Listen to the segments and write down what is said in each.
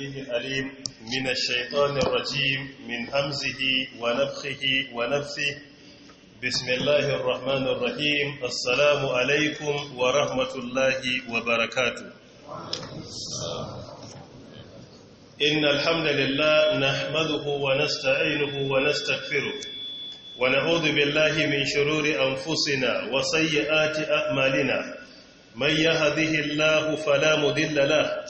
به أليم من الشيطان الرجيم من همزه ونفخه ونفثه بسم الله الرحمن الرحيم السلام عليكم ورحمة الله وبركاته إن الحمد لله نحمده ونستعينه ونستغفره ونعوذ بالله من شرور أنفسنا وسيئات أعمالنا من يهده الله فلا مضل له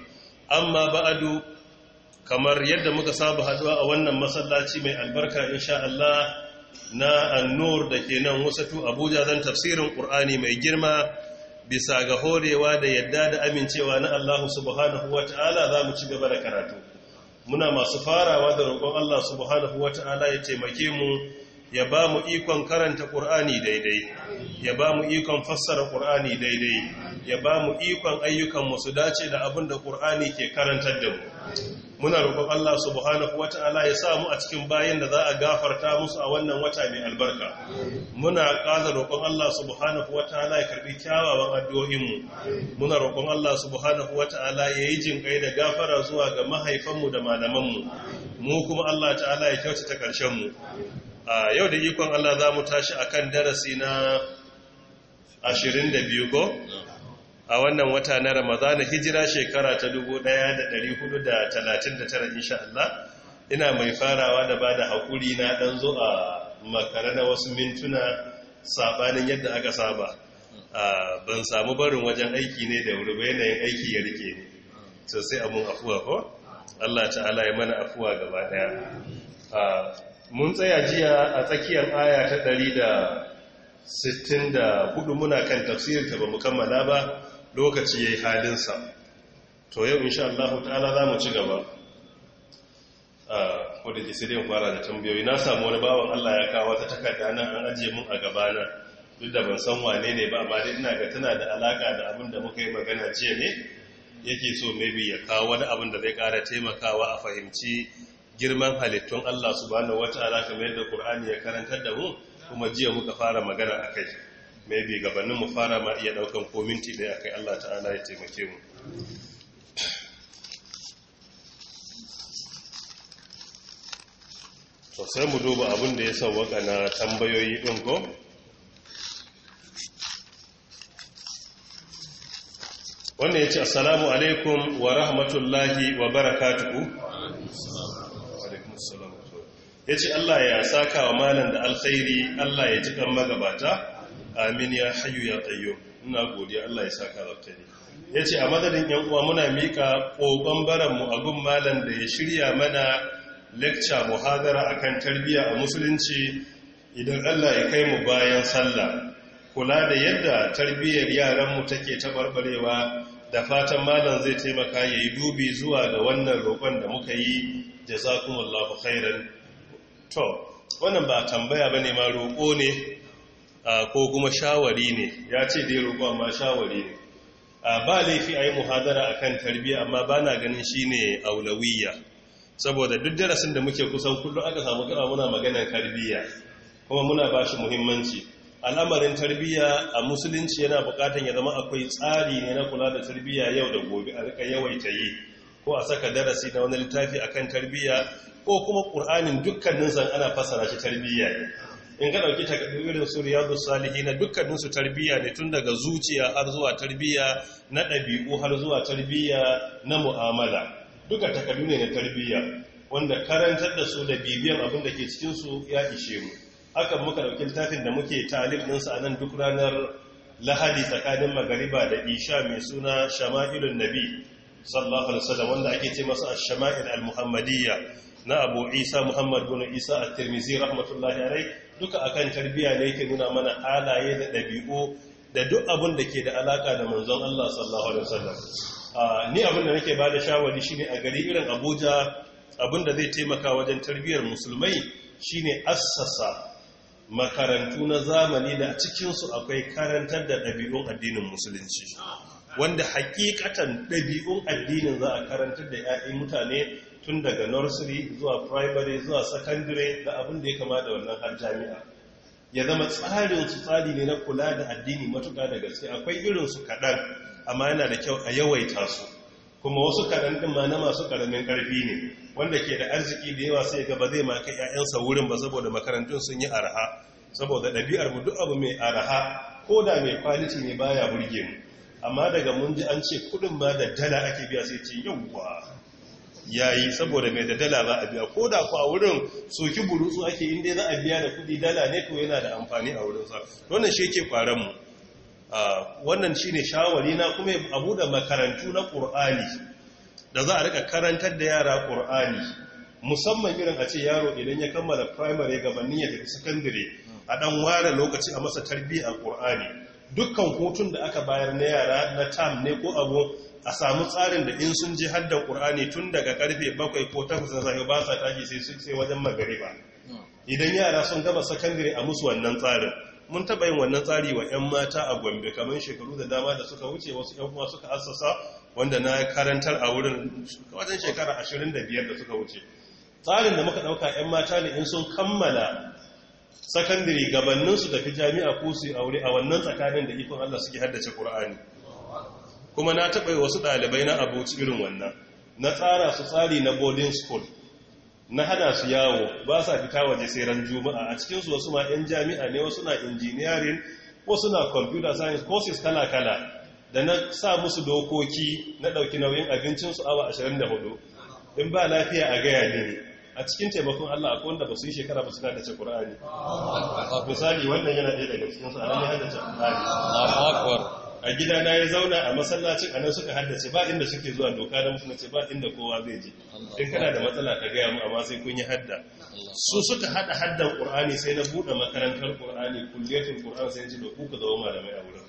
amma ba'adu kamar yadda muka saba haduwa a wannan masallaci mai albarka insha Allah na annur da ke nan wasatu abuja zan tafsirin ƙur'ani mai girma bisa ga horewa da yadda da amincewa na Allah subhanahu wa ta'ala za mu ci gaba da karatu muna masu farawa da roƙon Allah subhanahu wa ta'ala ya taimake mu ya ba mu ikon karanta ƙur'ani daidai ya ba mu ikon fassara ƙur'ani daidai ya ba mu ikon ayyukan su dace da abin da ƙur'ani ke karantar da mu muna roƙon Allah subhanahu wata'ala ya sa a cikin bayan da za a gafarta musu a wannan wata mai albarka muna ƙara roƙon Allah subhanahu wata'ala ya karbi kyawawan addu'o'inmu muna roƙon Allah subhanahu wata'ala ya yi jinƙai da gafara zuwa ga mahaifanmu da malamanmu mu kuma Allah ta'ala ya kyautata ta mu a yau da ikon Allah za mu tashi akan darasi na 22 a wannan wata na ramadana hijira shekara ta da da da talatin 1439 insha Allah ina mai farawa da bada hakuri na dan zo a makara na wasu mintuna sabanin yadda aka saba ban samu barin wajen aiki ne da wuri yanayin aiki ya rike ne sosai abun afuwa ko Allah ta'ala ya mana afuwa gaba daya mun tsaya jiya a tsakiyar aya ta da da sittin hudu muna kan tafsirin ta ba mu kammala ba lokaci ya yi halinsa to yau insha Allah ta'ala za mu ci gaba a wadda ke sai da tambayoyi na samu wani bawan Allah ya kawo ta takarda nan an ajiye mun a gabana duk da ban san wane ne ba amma dai ina ga tana da alaka da abin da muka yi magana jiya ne yake so maybe ya kawo wani abin da zai kara taimakawa a fahimci girman halittun Allah subhanahu wataala kamar yadda Qur'ani ya karantar da mu kuma jiya muka fara magana akai maybe gabanin mu fara ma iya daukan ko minti da akai Allah ta'ala ya taimake mu to sai mu duba abin da ya sauwaka na tambayoyi din ko wannan ya assalamu alaikum wa rahmatullahi wa barakatuh ya Allah ya saka wa malam da alkhairi Allah ya ji kan magabata amin ya hayu ya tsayo ina godiya Allah ya saka rabtani ya ce a madadin yan uwa muna miƙa ƙoƙon baranmu a gun malam da ya shirya mana lecture muhadara kan tarbiyya a musulunci idan Allah ya kai mu bayan sallah kula da yadda tarbiyyar yaranmu take taɓarɓarewa da fatan malam zai taimaka ya yi dubi zuwa ga wannan roƙon da muka yi jazakumullahu khairan to wannan ba tambaya bane ma roƙo ne ko kuma shawari ne ya ce dai roƙo amma shawari ne ba laifi a yi muhadara a kan tarbiyya amma ba na ganin shi ne aulawiyya saboda duk darasin da muke kusan kullum aka samu gaba muna maganar tarbiyya kuma muna ba shi muhimmanci al'amarin tarbiyya a musulunci yana buƙatar ya zama akwai tsari ne na kula da tarbiyya yau da gobe a rika yawaita yi ko a saka darasi na wani littafi akan tarbiya ko kuma ƙur'anin dukkanin ana fasara shi tarbiyya ne in ka ɗauki irin su riyadu salihi na dukkaninsu tarbiyya ne tun daga zuciya har zuwa tarbiyya na ɗabi'u har zuwa tarbiyya na mu'amala duka takardu ne na tarbiyya wanda karantar da su da bibiyan abin da ke cikinsu ya ishe mu haka muka ɗauki littafin da muke talib ɗinsa a nan duk ranar lahadi tsakanin magariba da isha mai suna shama'ilun nabi sallallahu alaihi wasallam wanda ake ce masa ash-shama'il al-muhammadiyya na abu isa muhammad bin isa at-tirmidhi rahmatullahi rai. duka akan tarbiyya ne yake nuna mana halaye da ɗabi'u da duk abin da ke da alaka da manzon Allah sallallahu alaihi wasallam ni abin da nake bada shawari shine a gari irin Abuja abin da zai taimaka wajen tarbiyyar musulmai shine assasa makarantu na zamani da cikinsu cikin su akwai karantar da ɗabi'un addinin musulunci wanda hakikatan ɗabi'un addinin za a karantar da ‘ya'yan mutane tun daga nursery zuwa primary zuwa secondary da abin da ya kama da wannan har jami'a ya zama tsarin su tsari ne na kula da addini matuƙa da gaske akwai irin su kaɗan amma yana da kyau a yawaita su kuma wasu kaɗan ɗin ma na masu ƙaramin ƙarfi ne wanda ke da arziki da yawa sai ga ba zai maka ‘ya'yansa wurin ba saboda makarantun sun yi araha saboda ɗabi'ar mu duk abu mai araha ko da mai kwaliti ne baya burge mu amma daga mun ji an ce kudin ma da dala ake biya sai ce ya yayi saboda mai da dala ba a biya ko da ku wurin soki burutsu ake inda za a biya da kudi dala ne ko yana da amfani a wurin sa wannan shi ke kwaran mu wannan shine shawari na kuma abu da makarantu na ƙur'ani da za a rika karantar da yara ƙur'ani. musamman irin a ce yaro idan ya kammala primary gabanin ya tafi secondary a dan ware lokaci a masa tarbiyyar ƙur'ani. dukkan hutun da aka bayar na yara na tam ne ko abu a samu tsarin da in sun ji hadda ƙur'ani tun daga karfe bakwai ko takwas na zafi ba sa tashi sai su sai wajen magariba idan yara sun gaba sakandare a musu wannan tsarin mun taɓa yin wannan tsari wa 'yan mata a gombe kamar shekaru da dama da suka wuce wasu 'yan uwa suka assasa wanda na karantar a wurin wajen shekara ashirin da biyar da suka wuce tsarin da muka ɗauka 'yan mata ne in sun kammala sakandare gabannin su tafi jami'a ko su aure a wannan tsakanin da ikon Allah suke haddace Qur'ani kuma na taɓa wasu ɗalibai na abuci irin wannan na tsara su tsari na boarding school na hada su yawo ba sa fita waje sai ran juma'a a cikinsu wasu ma 'yan jami'a ne wasu na engineering ko suna computer science courses kala-kala da na sa musu dokoki na ɗauki nauyin abincinsu awa 24 in ba lafiya a gaya ne a cikin taimakon Allah akwai wanda ba su yi shekara ba su haddace Qur'ani misali wannan yana ɗaya daga cikin sa ne haddace Qur'ani a gida na ya zauna a masallacin nan suka haddace ba inda suke zuwa doka da ce ba inda kowa zai je in kana da matsala ka gaya mu amma sai kun yi hadda su suka hada haddan Kur'ani sai na buɗe makarantar Kur'ani, kulliyatin Kur'an sai ya ji da ku ka zama malamai a wurin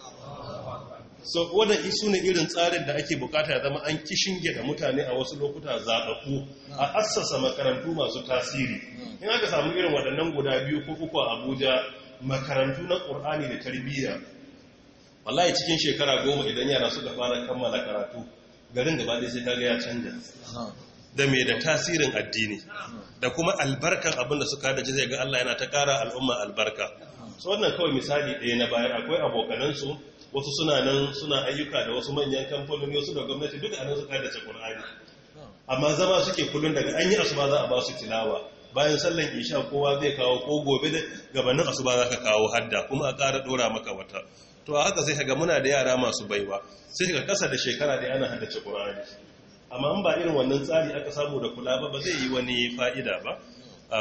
so wadda isu ne irin tsarin da ake bukata zama an kishin gida mutane a wasu lokuta zaɓaɓɓu a assasa makarantu masu tasiri in aka samu irin waɗannan guda biyu ko uku a abuja makarantu na ƙur'ani da tarbiyya wallahi cikin shekara goma idan yara suka fara kammala karatu garin gaba ɗaya sai ya canja da mai da tasirin addini da kuma albarkan abin da suka da zai ga Allah yana ta ƙara al'umma albarka so wannan kawai misali ɗaya na baya akwai abokanansu wasu suna nan suna ayyuka da wasu manyan kamfanoni wasu da gwamnati duk a nan su kada qur'ani amma zama suke kullum daga an yi asuba za a ba su tilawa bayan sallan isha kowa zai kawo ko gobe da gabanin asuba za ka kawo hadda kuma a ƙara dora maka wata to a haka sai kaga muna da yara masu baiwa sai kaga kasa da shekara da yana haddace kur'ani. amma an ba irin wannan tsari aka samu da kula ba ba zai yi wani fa'ida ba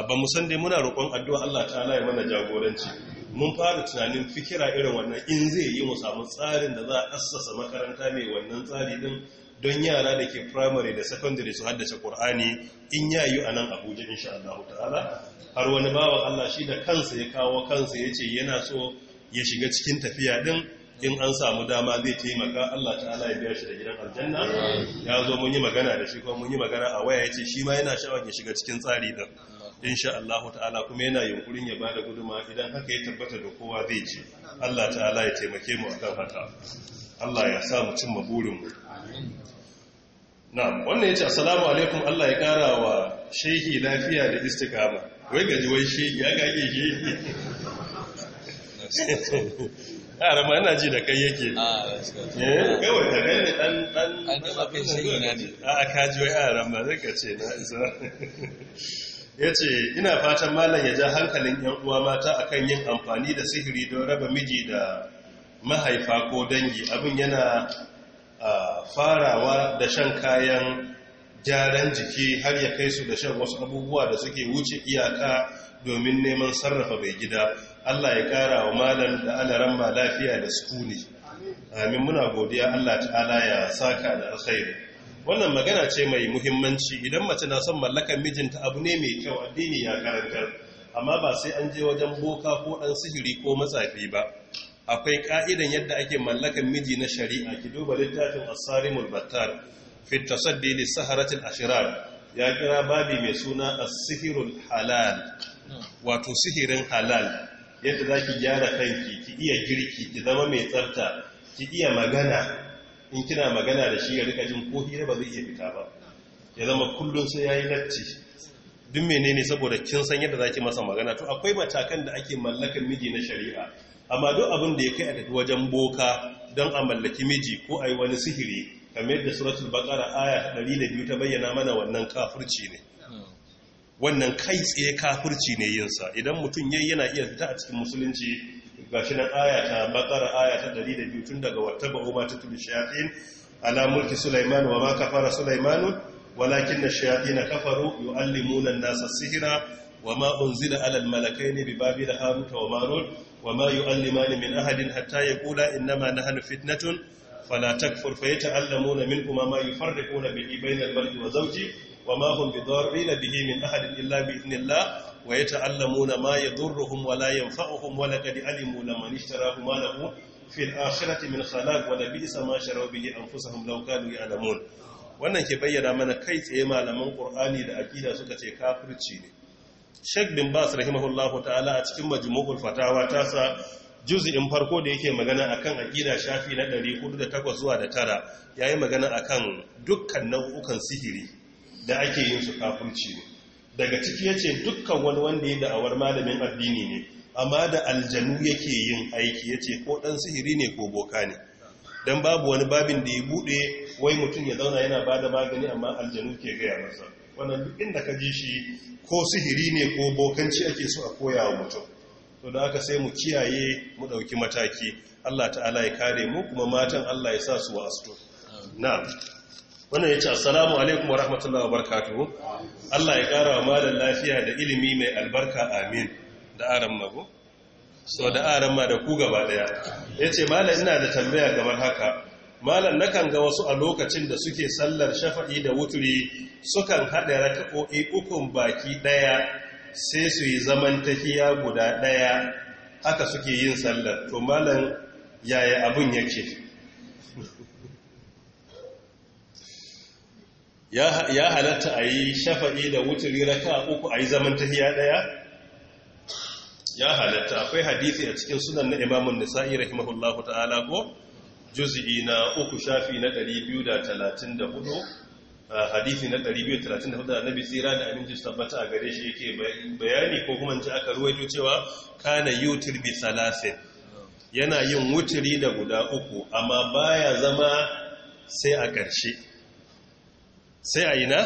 ba mu san dai muna roƙon addu'a Allah ta'ala ya mana jagoranci mun fara tunanin fikira irin wannan in zai yi mu samu tsarin da za a assasa makaranta mai wannan tsari din don yara da ke primary da secondary su haddace Kur'ani in ya yayu a nan abuja insha Allah ta'ala har wani bawa Allah shi da kansa ya kawo kansa ya ce yana so ya shiga cikin tafiya din in an samu dama zai taimaka Allah ta'ala ya biya shi da gidan aljanna ya zo mun yi magana da shi kuma mun yi magana a waya ya ce shi ma yana sha'awar ya shiga cikin tsari din insha Allah ta'ala kuma yana yunkurin ya bada guduma idan haka ya tabbata da kowa zai ji Allah ta'ala ya taimake mu akan haka Allah ya sa mu cimma burin mu na'am wannan yace assalamu alaikum Allah ya kara wa shehi lafiya da istikama. wai gaji wai shehi ya gage shehi yara ma yana ji da kai yake ah, eh, kawai da kai ne dan dan an taba kai shehi na ne a kaji wai yara ma zai ka ce na isa ya ce ina fatan malam ya ja hankalin yan uwa mata kan yin amfani da sihiri don raba miji da mahaifa ko dangi abin yana farawa da shan kayan gyaran jiki har ya kai su da shan wasu abubuwa da suke wuce iyaka domin neman sarrafa bai gida allah ya kara wa malam da ana lafiya da sukuni amin muna godiya allah ta'ala ya saka da alkhairu wannan magana ce mai muhimmanci idan mace na son mallakan mijinta abu ne mai kyau addini ya karantar amma ba sai an je wajen boka ko ɗan sihiri ko matsafi ba akwai ƙa'idan yadda ake mallakan miji na shari'a ki duba littafin asarimul battar fi tasaddi li saharatil ashrar ya kira babi mai suna as sihrul halal wato sihirin halal yadda zaki gyara kanki ki iya girki ki zama mai tsafta ki iya magana in kina magana da shi ya rika jin ko hira ba zai iya fita ba ya zama kullum sai yayi latti duk menene saboda kin san yadda zaki masa magana to akwai matakan da ake mallakan miji na shari'a amma duk abin da ya kai a tafi wajen boka don a mallaki miji ko a yi wani sihiri kamar yadda suratul baqara aya 102 ta bayyana mana wannan kafirci ne wannan kai tsaye kafirci ne yinsa idan mutum yayi yana iya fita a cikin musulunci Gashinan shi nan ayata bakara ayata 102 tun daga wata ba'uma ta tuli shayatin ala mulki sulaiman wa ma kafara sulaiman walakin na shayatin kafaru yu'allimuna an-nasa sihra wa ma unzila ala al-malakaini bi babil harut wa marut wa ma yu'allimani min ahadin hatta yaqula innama nahnu fitnatun fala takfur fayata'allamuna minkuma ma yufarriquna bihi bayna al-mar'i wa zawji wa ma hum bidarrin bihi min ahadin illa bi idhnillah wa na ma yadurruhum wa la yanfa'uhum wa laqad alimu laman ishtarahu ma lahu fil akhirati min khalaq wa labisa ma sharaw bihi anfusahum law kanu ya'lamun wannan ke bayyana mana kai tsaye malaman qur'ani da aqida suka ce kafirci ne Sheikh bin Bas rahimahullahu ta'ala a cikin majmu'ul fatawa ta sa juz'in farko da yake magana akan aqida shafi na 408 zuwa da tara yayi magana akan dukkan nau'ukan sihiri da ake yin su kafirci ne daga ciki ya ce dukkan wani wanda ya da'awar malamin addini ne amma da aljanu yake yin aiki ya ce ko ɗan sihiri ne ko boka ne don babu wani babin da ya buɗe wai mutum ya zauna yana bada magani amma aljanu ke gaya masa wannan duk inda ka ji shi ko sihiri ne ko bokanci ake so a koya wa mutum to da aka sai mu kiyaye mu ɗauki mataki allah ta'ala ya kare mu kuma matan allah ya sa su wa asto na'am wannan ya ce assalamu alaikum wa rahmatullahi wa barkatu Allah ya ƙara wa malar lafiya da ilimi mai albarka amin da aran mago so da aran ma da ku gaba daya ya ce malar ina da tambaya kamar haka malar nakan ga wasu a lokacin da suke sallar shafa'i da wuturi sukan haɗa raka'o'i ukun baki ɗaya sai su yi zaman tafiya guda ɗaya haka suke yin sallar to malar yaya abin yake ya halatta a yi shafa'i da wuturi raka uku a yi zaman tahiya ɗaya ya halatta akwai hadisi a cikin sunan na imamun nisa'i rahimahullahu ta'ala ko juzi'i na uku shafi na 234 hadisi na 234 annabi tsira da aminci tabbata a gare shi yake bayani ko kuma ji aka ruwaito cewa kana yutir bi salasin yana yin wuturi da guda uku amma baya zama sai a ƙarshe sai a yi na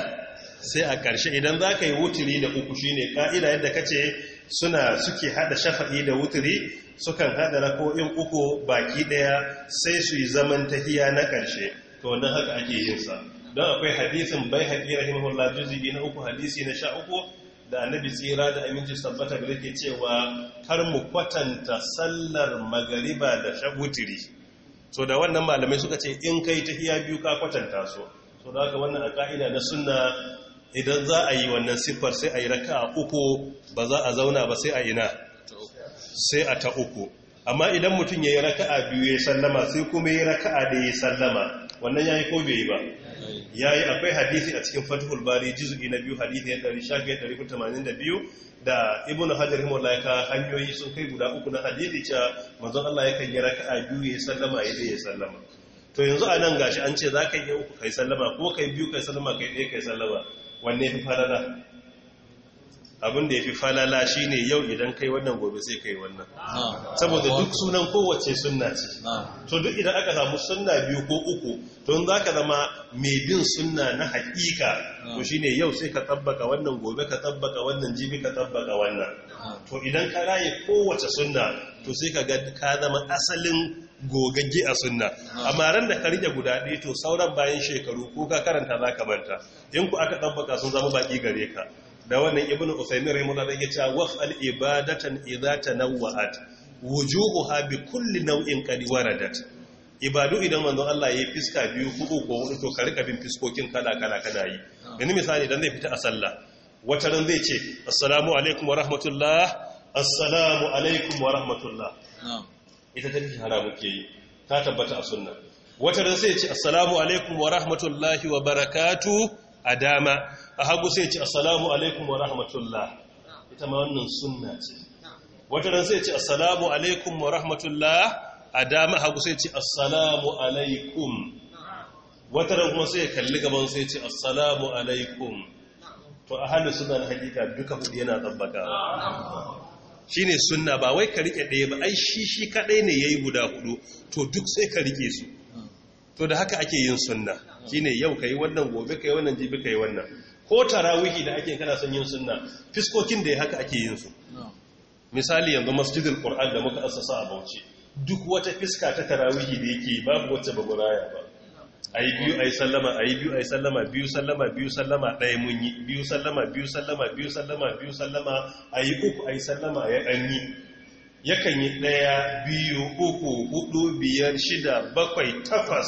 sai a ƙarshe idan za ka yi wuturi da uku shi ne ƙa'ida yadda ka ce suna suke haɗa shafa'i da wuturi sukan haɗa rako'in uku baki ɗaya sai su yi zaman tahiya na ƙarshe to wannan haka ake sa. don akwai hadisin bai haƙi rahimahullah juzi'i na uku hadisi na sha uku da annabi tsira da aminci sabbata da yake cewa kar mu kwatanta sallar magariba da shagutiri so da wannan malamai suka ce in kai tahiya biyu ka kwatanta su so da haka wannan a ka'ida na suna idan za a yi wannan siffar sai a yi raka uku ba za a zauna ba sai a ina sai a ta uku amma idan mutum ya yi a biyu ya sallama sai kuma ya yi raka'a da ya sallama wannan ya yi ko bai yi ba ya yi akwai hadithi a cikin fatihul bari jizu na biyu hadithi ya ɗari shafi ya ɗari tamanin da biyu da ibn hajar himar hanyoyi sun kai guda uku na hadithi cewa mazan allah ya kan yi a biyu ya sallama ya ya sallama to yanzu a nan gashi an ce za ka yi uku kai sallama ko kai biyu kai sallama kai ɗaya kai sallama wanne fi falala abin da ya fi falala shi ne yau idan kai wannan gobe sai kai wannan saboda duk sunan kowace sunna ce to duk idan aka samu sunna biyu ko uku to za ka zama mai bin sunna na hakika to shi ne yau sai ka tabbaka wannan gobe ka tabbaka wannan jibi ka tabbaka wannan to idan ka raye kowace sunna to sai ka ga ka zama asalin gogaggi a sunna amma ran da ka rike guda ɗaya to sauran bayan shekaru ko ka karanta za ka manta in ku aka baka sun zama baƙi gare ka da wannan ibnu usaimin rahimahullah yake cewa waf al ibadatan idza tanawwa'at wujuhuha bi kulli naw'in qad waradat ibadu idan manzo Allah yayi fiska biyu huɗu ko hudu to ka rika bin fiskokin kala kala kana yi yanzu misali dan zai fita a sallah wata ran zai ce assalamu alaikum wa rahmatullah assalamu alaikum wa rahmatullah ita ta take haramun ke yi ta tabbata a suna wata da sai ce assalamu alaikum wa rahmatullahi wa barakatu a dama a hagu sai ce assalamu alaikum wa rahmatullahi. ita ma wannan suna ce wata da sai ce assalamu alaikum wa rahmatullahi a dama hagu sai ce assalamu alaikum wata da kuma sai kalli gaban sai ce assalamu alaikum to a halin suna na hakika duka hudu yana tsabbakawa Shi ne sunna ba wai ka rike ɗaya ba ai shi shi kaɗai ne ya yi guda hudu to duk sai ka rike su to da haka ake yin sunna ne yau ka yi wannan gobe ka yi wannan jibi ka yi wannan ko wiki da ake kana son yin sunna fiskokin da haka ake yin su misali yanzu masjidin qur'an da muka asasa a Bauchi duk wata fiska ta tarawihi da yake babu wata baguraya ba Ayi biyu ayi sallama ayi biyu ayi sallama biyu sallama biyu sallama ɗaya mun yi biyu sallama biyu sallama biyu sallama biyu sallama ayi uku ayi sallama ya ɗan yi yakan yi ɗaya biyu uku hudu biyar shida bakwai takwas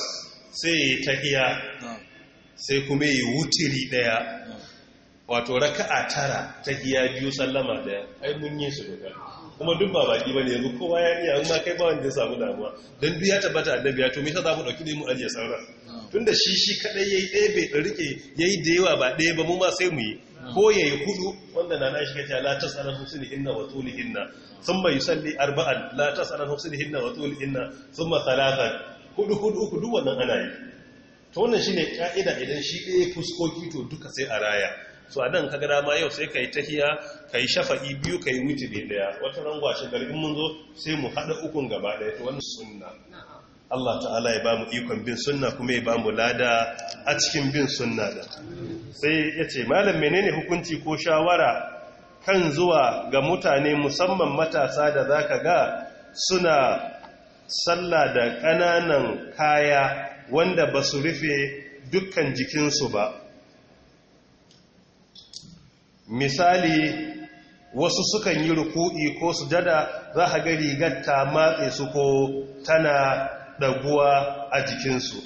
sai ya yi tahiya sai kuma ya yi wutiri ɗaya wato raka a tara tahiya biyu sallama ɗaya ai mun yi su daga kuma duk ba baki bane yanzu kowa ya iya amma kai ba wanda ya samu damuwa dan biya tabbata annabi ya to me yasa za mu dauki ne mu ajiye sauran tunda shi shi kadai yayi ɗaya bai da rike yayi da yawa ba ɗaya ba mu ma sai mu yi ko yayi hudu wanda na na shi kace la tasalan husni inna wa tuli inna thumma yusalli arba'an la tasalan husni inna wa tuli inna thumma thalathan hudu hudu hudu wannan ana yi to wannan shine ka'ida idan shi ɗaya fuskoki to duka sai a raya so anan kaga dama yau sai kai tahiya kai shafa'i biyu kai witri daya wata rangwashe garin mun zo sai mu hada ukun gaba daya to wannan sunna Allah ta'ala ya ba mu ikon bin sunna kuma ya ba mu lada a cikin bin sunna da sai ya ce malam menene hukunci ko shawara kan zuwa ga mutane musamman matasa da za ka ga suna sallah da ƙananan kaya wanda ba su rufe dukkan jikinsu ba misali wasu sukan yi ruku'i ko su jada za a ga rigar ta matse su ko tana ɗaguwa a jikinsu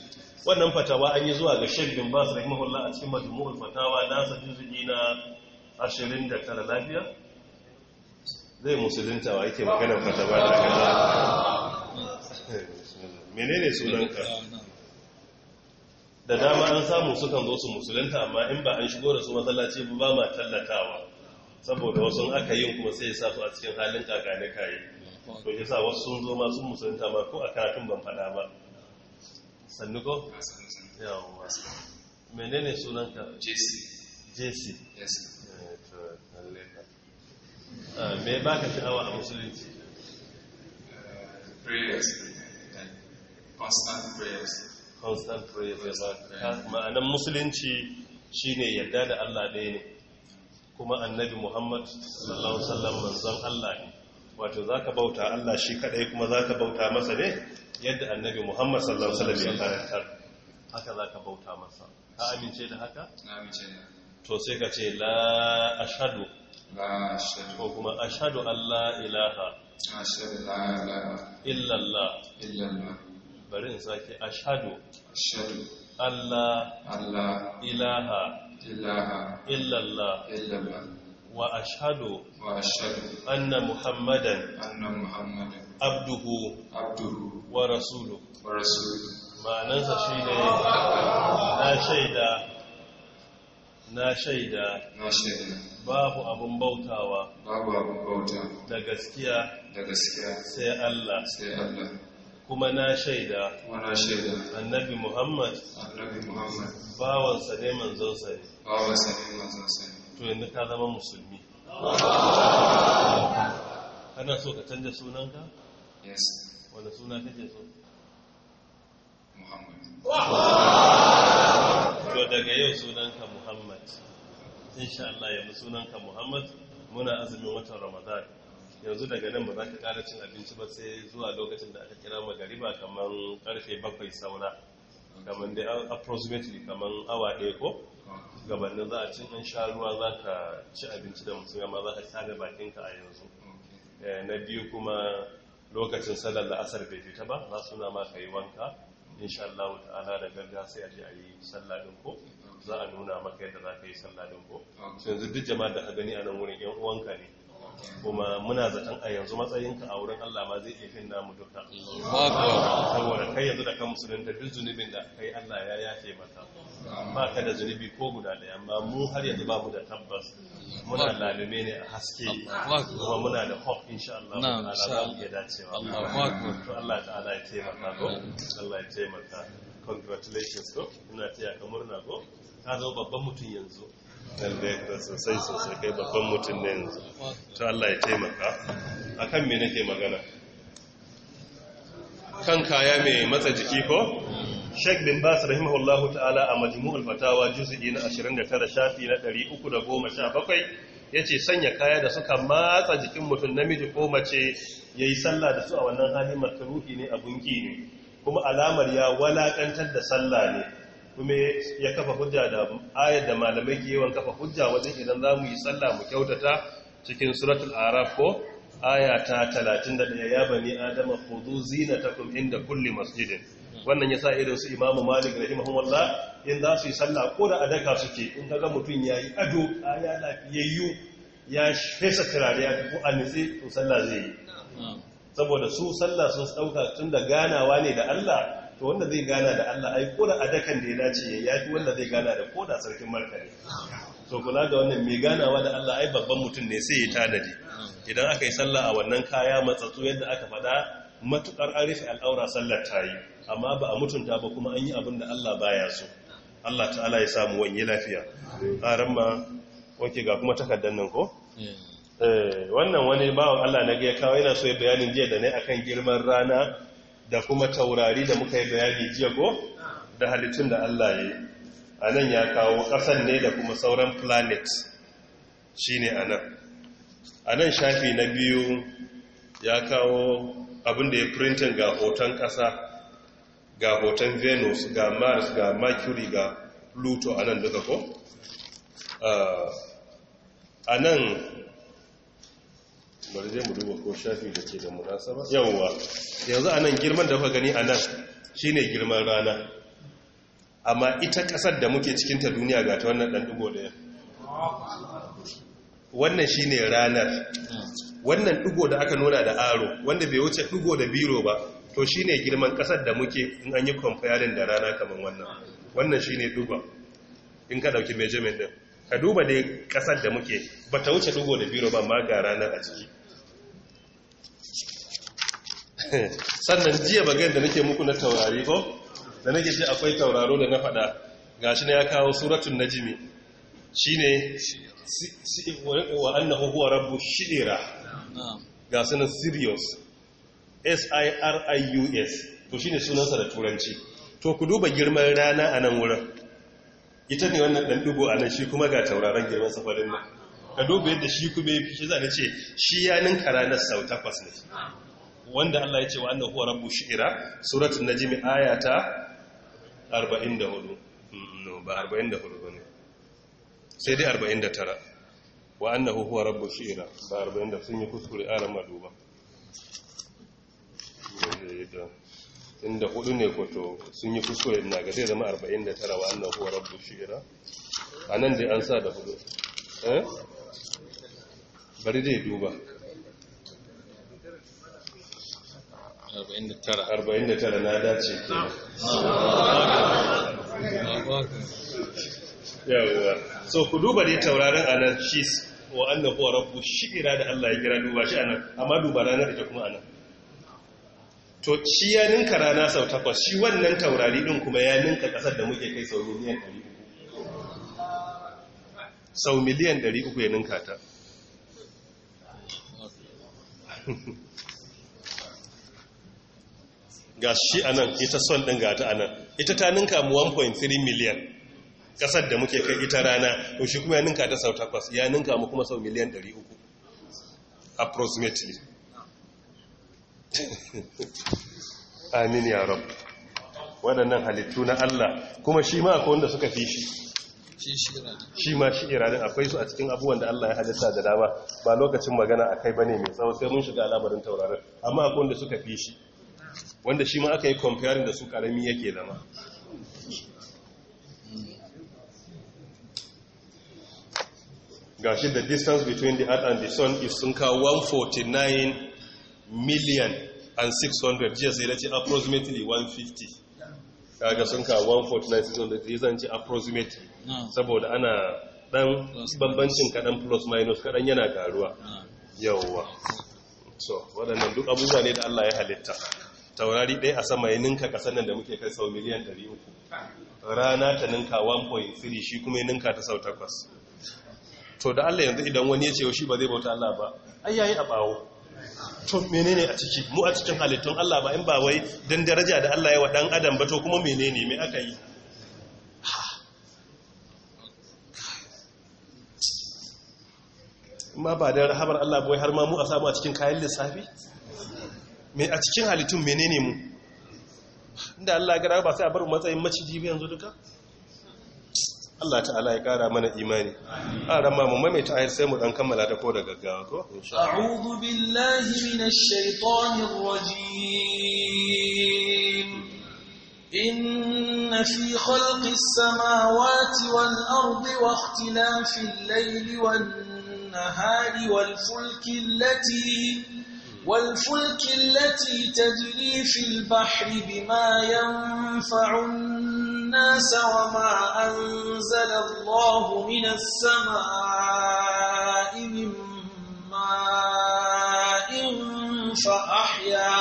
wannan fatawa an yi zuwa ga shaibin ba su rahimahullah a cikin majmu'ul fatawa nasa zuji na 29 lafiya zai musulunta wa yake maganar fatawa da kaza menene sunanka da dama an samu sukan zo su musulunta amma in ba an shigo da su matsalaci ba ma tallatawa saboda wasu aka yi kuma sai ya sa su a cikin halin kakane kayi to ya sa wasu sun zo masu musulunta ba ko a karatun ban fada ba sannu ko? yawon menene sunanka? ka? Jesi. yes eh, ah, me ba ka sha'awa a musulunci? Eh, prayers eh, constant prayers constant prayers ma'anan musulunci shine yadda da Allah ɗaya ne kuma annabi Muhammad sallallahu alaihi wasallam manzon Allah ne wato za ka bauta Allah shi kadai kuma za ka bauta masa ne yadda annabi Muhammad sallallahu Alaihi ya karantar haka za ka bauta masa ka amince da haka? na amince da to sai ka ce la ashadu la ashadu ko kuma ashadu Allah ilaha ashadu la ilaha illallah illallah bari in sake ashadu ashadu Allah Allah ilaha ilaha illallah illallah Wa ashadu أن محمدا أن محمدا عبده عبده ورسوله ورسوله ما ننسى شيء لا na shaida na shaida babu abun bautawa babu abun bauta da gaskiya da gaskiya sai Allah kuma na shaida kuma na shaida annabi Muhammad annabi Muhammad bawansa ne manzon sa ne ne manzon ne to yanzu ka zama musulmi kana so ka canja sunanka? yes wanda suna kake so? muhammad to daga yau sunanka muhammad insha Allah yanzu sunanka muhammad muna azumin watan ramadan yanzu daga nan ba za ka kara cin abinci ba sai zuwa lokacin da aka kira magariba kamar karfe bakwai saura kamar da approximately kamar awa ɗaya ko gabanin za a cin an sha ruwa za ka ci abinci da mutum yamma za ka bakin bakinka a yanzu eh, na biyu kuma lokacin salar da asar bai fita ba za suna ma ka yi wanka sha Allah ta'ala da garga sai a je a yi salladin ko za a nuna maka yadda za ka yi salladin ko yanzu duk jama'a da ka gani a nan wurin yan uwanka ne kuma muna zaton a yanzu matsayinka a wurin Allah ma zai ifin namu duka saboda kai yanzu da kan musulunta duk zunubin da kai Allah ya yafe mata ba ka da zunubi ko guda da amma mu har yanzu babu da tabbas muna lalume ne a haske kuma muna da hope insha Allah ta'ala za mu iya dacewa to Allah ala ya taimaka ko Allah ya taimaka congratulations ko ina taya ka murna ko Ta zo babban mutum yanzu da sosai sosai kai babban mutum ne yanzu ta Allah ya taimaka a kan me nake magana kan kaya mai matsa jiki ko sheik bin bas rahimahullahu ta'ala a majmu'ul fatawa juz'i na 29 shafi na 317 yace sanya kaya da suka matsa jikin mutum namiji ko mace ya yi sallah da su a wannan hali makruhi ne abun ne kuma alamar ya walakantar da sallah ne kuma ya kafa hujja da ayar da malamai ke yawan kafa hujja wajen idan za mu yi sallah mu kyautata cikin suratul araf ko aya ta ɗaya ya bani adama ta zinatakum inda kulli masjidin wannan ya sa irin su imamu malik rahimahullah in za su yi sallah ko da adaka suke in kaga ya yi ado aya lafiyayyu ya fesa turare ya tafi a nitsi to sallah zai yi saboda su sallah sun sauka tun da ganawa ne da Allah to wanda zai gana da Allah ai ko da adakan da ya dace ya yafi wanda zai gana da ko da sarkin marka ne to kula ga wannan mai ganawa da Allah ai babban mutum ne sai ya tanadi idan aka yi sallah a wannan kaya matsatsu yadda aka faɗa matukar an al'aura sallar ta yi amma ba a mutunta ba kuma an yi abin da Allah baya so Allah ta'ala ya samu wani lafiya ƙaran ma ga kuma takardar nan ko eh, wannan wani bawan Allah na ga ya kawo yana so ya bayanin jiya da ne akan girman rana da kuma taurari da muka yi bayani jiya go da halittun da Allah ya yi a nan ya kawo ƙasan ne da kuma sauran planet shi ne a nan a nan shafi na biyu ya kawo abinda ya printin ga hoton ƙasa ga hoton venus ga mars ga mercury ga pluto a nan duka ko a nan bari zai mu duba ko shafi da ke da munasaba yawwa yanzu a nan girman da kuka gani a nan shi ne girman rana amma ita ƙasar da muke cikinta duniya ga ta wannan ɗan ɗigo ɗaya wannan shi ne ranar wannan ɗigo da aka nuna da aro wanda bai wuce ɗigo da biro ba to shi ne girman ƙasar da muke in an yi kwamfayarin da rana kamar wannan wannan shi ne ɗigo in ka ɗauki benjamin ɗin ka duba dai ƙasar da muke ba ta wuce ɗigo da biro ba ma ga ranar a ciki sannan jiya bagan da nake muku na taurari ko da nake ce akwai tauraro da na faɗa gashi na ya kawo suratun najimi shine wa annahu huwa rabbu shi'ira ga sunan sirius s-i-r-i-u-s to shine sunansa da turanci to ku duba girman rana a nan wurin ita ne wannan dan dubu a nan shi kuma ga tauraron girman safarin nan ka duba yadda shi kuma ya fi shi zane ce shi ya ninka ranar sau takwas ne wanda Allah ya ce wa annahu wa rabbu shi'ira suratul najmi ayata 44 mm, no ba 44 bane sai dai 49 wa annahu huwa rabbu shi'ira ba 40 sun yi kuskure aran maduba inda hudu ne ko to sun yi kuskure ina ga zai zama 49 wa annahu huwa rabbu shi'ira anan dai an sa da hudu eh bari dai duba 49 tara na dace ke yawwa so ku duba dai tauraron anan shi wa annahu rabbu shi'ira da Allah ya kira duba shi anan amma duba ranar ita kuma anan to shi ya ninka rana sau takwas shi wannan taurari din kuma ya ninka ƙasar da muke kai sau miliyan 300 sau miliyan 300 ya ninka ta ga shi a nan ita son ɗin ga ta a nan ita ta ninka mu 1.3 miliyan ƙasar da muke kai ita rana to shi kuma ya ninka ta sau takwas ya ninka mu kuma sau miliyan 300 approximately amin ya rab waɗannan halittu na Allah kuma shi ma akwai wanda suka fi shi shi ma shi iranin akwai su a cikin abubuwan da Allah ya halitta da dama ba lokacin magana a kai ba ne mai tsawo sai mun shiga al'amarin taurarin amma akwai wanda suka fi shi wanda shi ma aka yi comparing da su karami yake zama gashi the distance between the earth and the sun is sun ka 149 million and 600 jiya sai dace approximately 150 kaga sun ka 149,600 ya zance approximately saboda ana dan bambancin kadan plus minus kadan yana karuwa yawwa so waɗannan duk abubuwa ne da Allah ya halitta taurari ɗaya a sama ya ninka ƙasar nan da muke kai sau miliyan 300 rana ta ninka 1.3 shi kuma ya ninka ta sau takwas to da Allah yanzu idan wani ya ce shi ba zai bauta Allah ba ai yayi a bawo to menene a ciki mu a cikin halittun Allah ba in ba wai don daraja da Allah ya wa ɗan adam ba to kuma menene me aka yi ma ba da rahabar Allah bai har ma mu a samu a cikin kayan lissafi mai a cikin halittun menene mu inda Allah gara ba sai a bar matsayin maciji ba yanzu duka Allah ta'ala ya kara mana imani a ramma mu maimaita ayar sai mu dan kammala da ko da gaggawa ko a'udhu billahi minash shaitanir rajim inna fi khalqis samawati wal ardi wa ikhtilafil layli wan nahari wal fulki allati والفلك التي تجري في البحر بما ينفع الناس وما أنزل الله من السماء من ماء فأحيا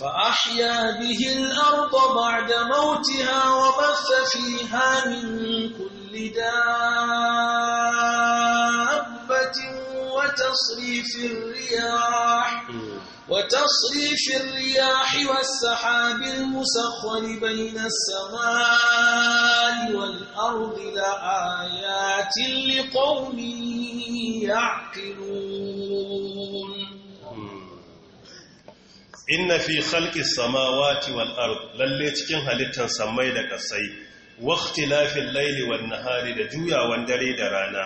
فأحيا به الأرض بعد موتها وبث فيها من كل دار كتصريف الرياح وتصريف الرياح والسحاب المسخر بين السماء والأرض لآيات لقوم يعقلون inna fi khalqi samawati wal ard lalle cikin halittar samai da kasai waqtilafil layli wan nahari da juyawan dare da rana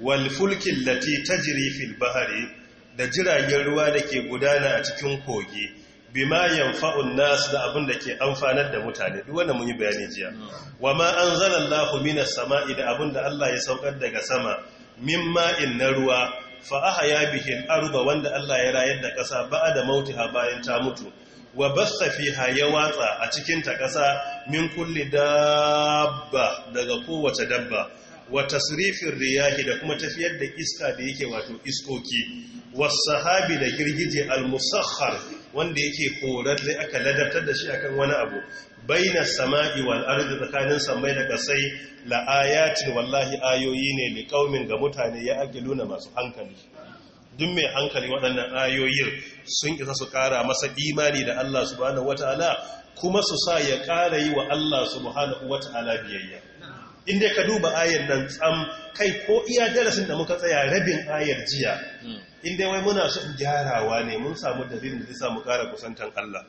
wal fulkin lati tajri fil bahri da jiragen ruwa da ke gudana a cikin kogi bima yanfa'un nas da abin da ke amfanar da mutane duk wanda mun yi bayani jiya wa ma anzalallahu minas sama'i da abin da Allah ya saukar daga sama min ma'in na ruwa fa ahya bihin arba wanda Allah ya rayar da ƙasa mauti mautiha bayan ta mutu wa basta ha ya watsa a cikin ta ƙasa min kulli dabba daga kowace dabba wa tasrifin riyahi da kuma tafiyar da iska da yake wato iskoki wasahabi da girgije al wanda yake korar da aka ladabtar da shi akan wani abu baina sama'i wal ardi tsakanin samai da kasai la ayatin wallahi ayoyi ne li qaumin ga mutane ya aqiluna masu hankali duk mai hankali waɗannan ayoyin sun isa su ƙara masa imani da Allah subhanahu wataala kuma su sa ya ƙara yi wa Allah subhanahu wataala biyayya inda ka duba ayar nan tsam kai ko iya darasin da muka tsaya rabin ayar jiya hmm. inda wai muna so in gyarawa ne mun samu dalilin da zai samu kara kusantan Allah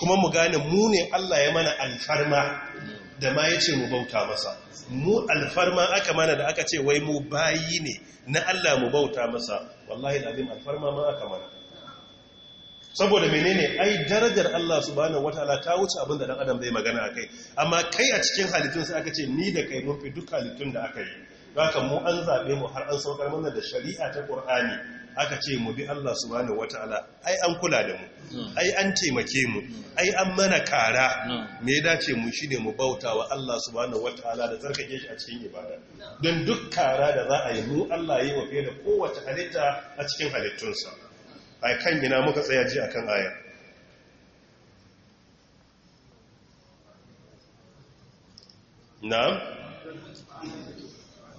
kuma mu gane mu ne Allah ya mana alfarma hmm. da ma yace mu bauta masa mu alfarma aka mana da aka ce wai mu bayi ne na Allah mu bauta masa wallahi alazim alfarma ma aka mana saboda menene ai darajar Allah subhanahu wataala ta wuce abin da dan adam zai magana akai amma kai a cikin halittun sai aka ce ni da kai mun fi duk halittun da aka yi haka mu an zabe mu har an saukar mana da shari'a ta Qur'ani aka ce mu bi Allah subhanahu wataala ai an kula da mu hmm. ai an taimake mu hmm. ai an mana kara hmm. me ya dace mu shine mu bauta wa Allah subhanahu wataala da tsarkake shi a cikin ibada don duk kara da za a yi mu Allah yi wa fiye da kowace halitta a cikin halittunsa a kan ina muka tsaya ji a kan ayar na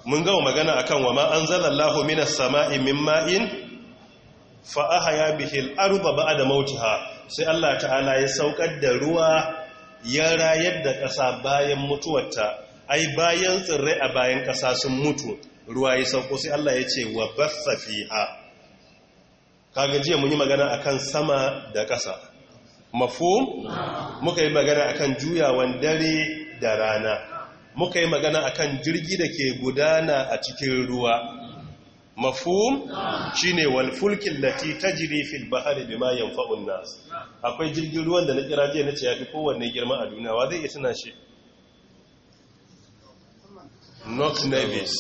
mun gawa magana a kan wa ma an zala lahu minas sama'i min ma'in fa'aha ya bihil arba ba'a da mautiha sai Allah ta'ala ya saukar da ruwa ya rayar da ƙasa bayan mutuwarta ai bayan tsirrai a bayan ƙasa sun mutu ruwa ya sauko sai Allah ya ce wa basa fiha kaga jiya mun yi magana akan sama da ƙasa mafhum muka yi magana akan juyawan dare da rana muka yi magana akan jirgi da ke gudana a cikin ruwa mafhum shine wal fulkin lati tajri fil bahri bima yanfa'un nas akwai jirgin ruwan da na kira jiya nace yafi kowanne girma a duniya wa zai iya tuna shi not nervous.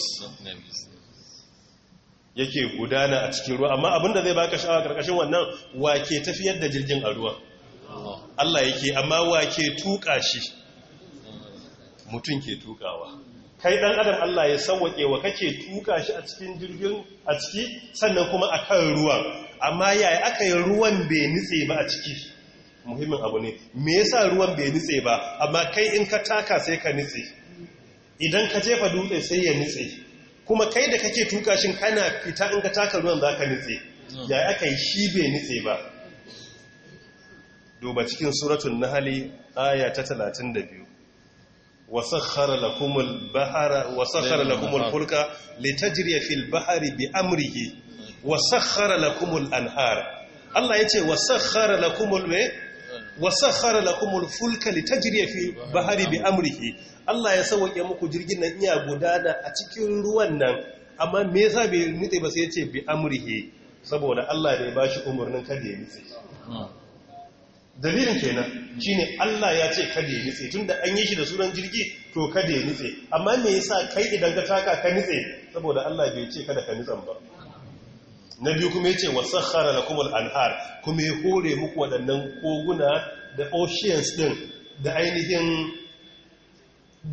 yake gudana a cikin ruwa amma abinda zai baka sha'awa karkashin wannan wake tafiyar da jirgin a ruwa Allah yake amma wake tuka shi mutum ke tukawa kai dan adam Allah ya sawwake wa kake tuka shi a cikin jirgin a ciki sannan kuma akan ruwa amma yaya aka yi ruwan bai nitse ba a ciki muhimmin abu ne me yasa ruwan bai nitse ba amma kai in ka taka sai ka nitse idan ka jefa dutse sai ya nitse kuma kai da kake tuka shin kana fita in ka taka ruwan za ka nitse ya aka yi shi bai nitse ba duba cikin suratun nahali aya ta 32 wasakhara lakumul bahara wasakhara lakumul fulka litajriya fil bahri bi amrihi wasakhara lakumul anhar Allah ya yace wasakhara lakumul me wa sakhara lakumul fulka litajriya fi bahari bi amrihi Allah ya sauke muku jirgin nan iya gudana a cikin ruwan nan amma me yasa bai nitse ba sai ya ce bi amrihi saboda Allah ne bashi shi umarnin kada ya nitse dalilin kenan shine Allah ya ce kada ya nitse tunda an yi shi da suran jirgi to kada ya nitse amma me yasa kai idan ka taka ka nitse saboda Allah bai ce kada ka nitsan ba na biyu kuma yace ce lakum al-anhar kuma ya hore muku waɗannan koguna da oceans ɗin, da ainihin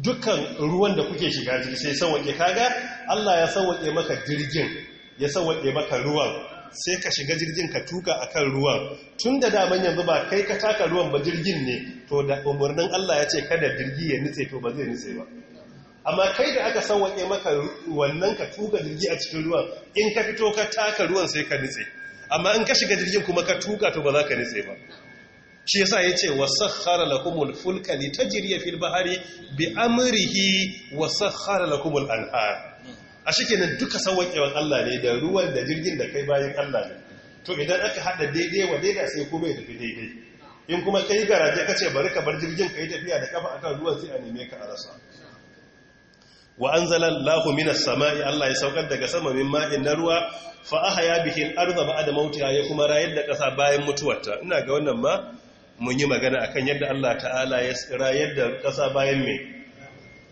dukkan ruwan da kuke shiga jirgi sai sauwake kaga Allah ya sauwake maka jirgin ya sauwake maka ruwan sai ka shiga jirgin ka tuka a kan ruwan tun da daman yanzu ba kai ka taka ruwan ba jirgin ne to da umarnin Allah ya ce kada jirgi ya nutse, to ba zai nitse ba amma kai da aka sauwaƙe maka wannan ka tuka jirgi a cikin ruwan in ka fito ka taka ruwan sai ka nitse amma in ka shiga jirgin kuma ka tuka to ba za ka nitse ba shi yasa yace wasakhara lakumul fulka litajriya fil bahari bi amrihi wasakhara lakumul anhar a shikenan duka sauwaƙewan Allah ne da ruwan da jirgin da kai bayan Allah ne to idan aka hada daidai wa daidai sai kuma ya tafi daidai in kuma kai garaje kace bari ka bar jirgin kai tafiya da kafa akan ruwan sai a neme ka a rasa wa anzala Allahu minas sama'i Allah ya saukar daga sama min ma'in na ruwa fa ya bihi al-ardha ba'da mautiha ya kuma rayar da kasa bayan mutuwarta ina ga wannan ma mun yi magana akan yadda Allah ta'ala ya rayar da kasa bayan me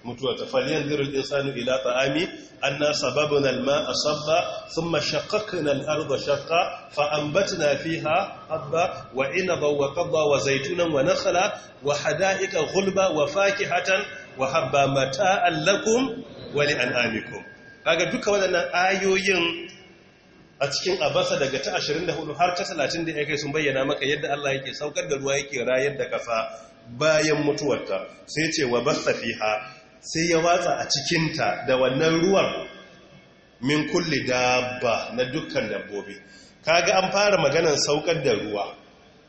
mutuwarta falyanzurul insanu ila ta'ami anna sababna al-ma'a sabba thumma shaqqaqna al-ardha shaqqa fa anbatna fiha habba wa inaba wa qadba wa zaytunan wa nakhla wa hada'ika ghulba wa fakihatan wa habba mata lakum wa li'an'amikum kaga duka waɗannan ayoyin a cikin abasa daga ta 24 har ta ya kai sun bayyana maka yadda Allah yake saukar da ruwa yake rayar da kasa bayan mutuwarta sai ce wa basta fiha sai ya watsa a cikin ta, da wannan ruwan min kulli dabba na dukkan dabbobi kaga an fara maganan saukar da ruwa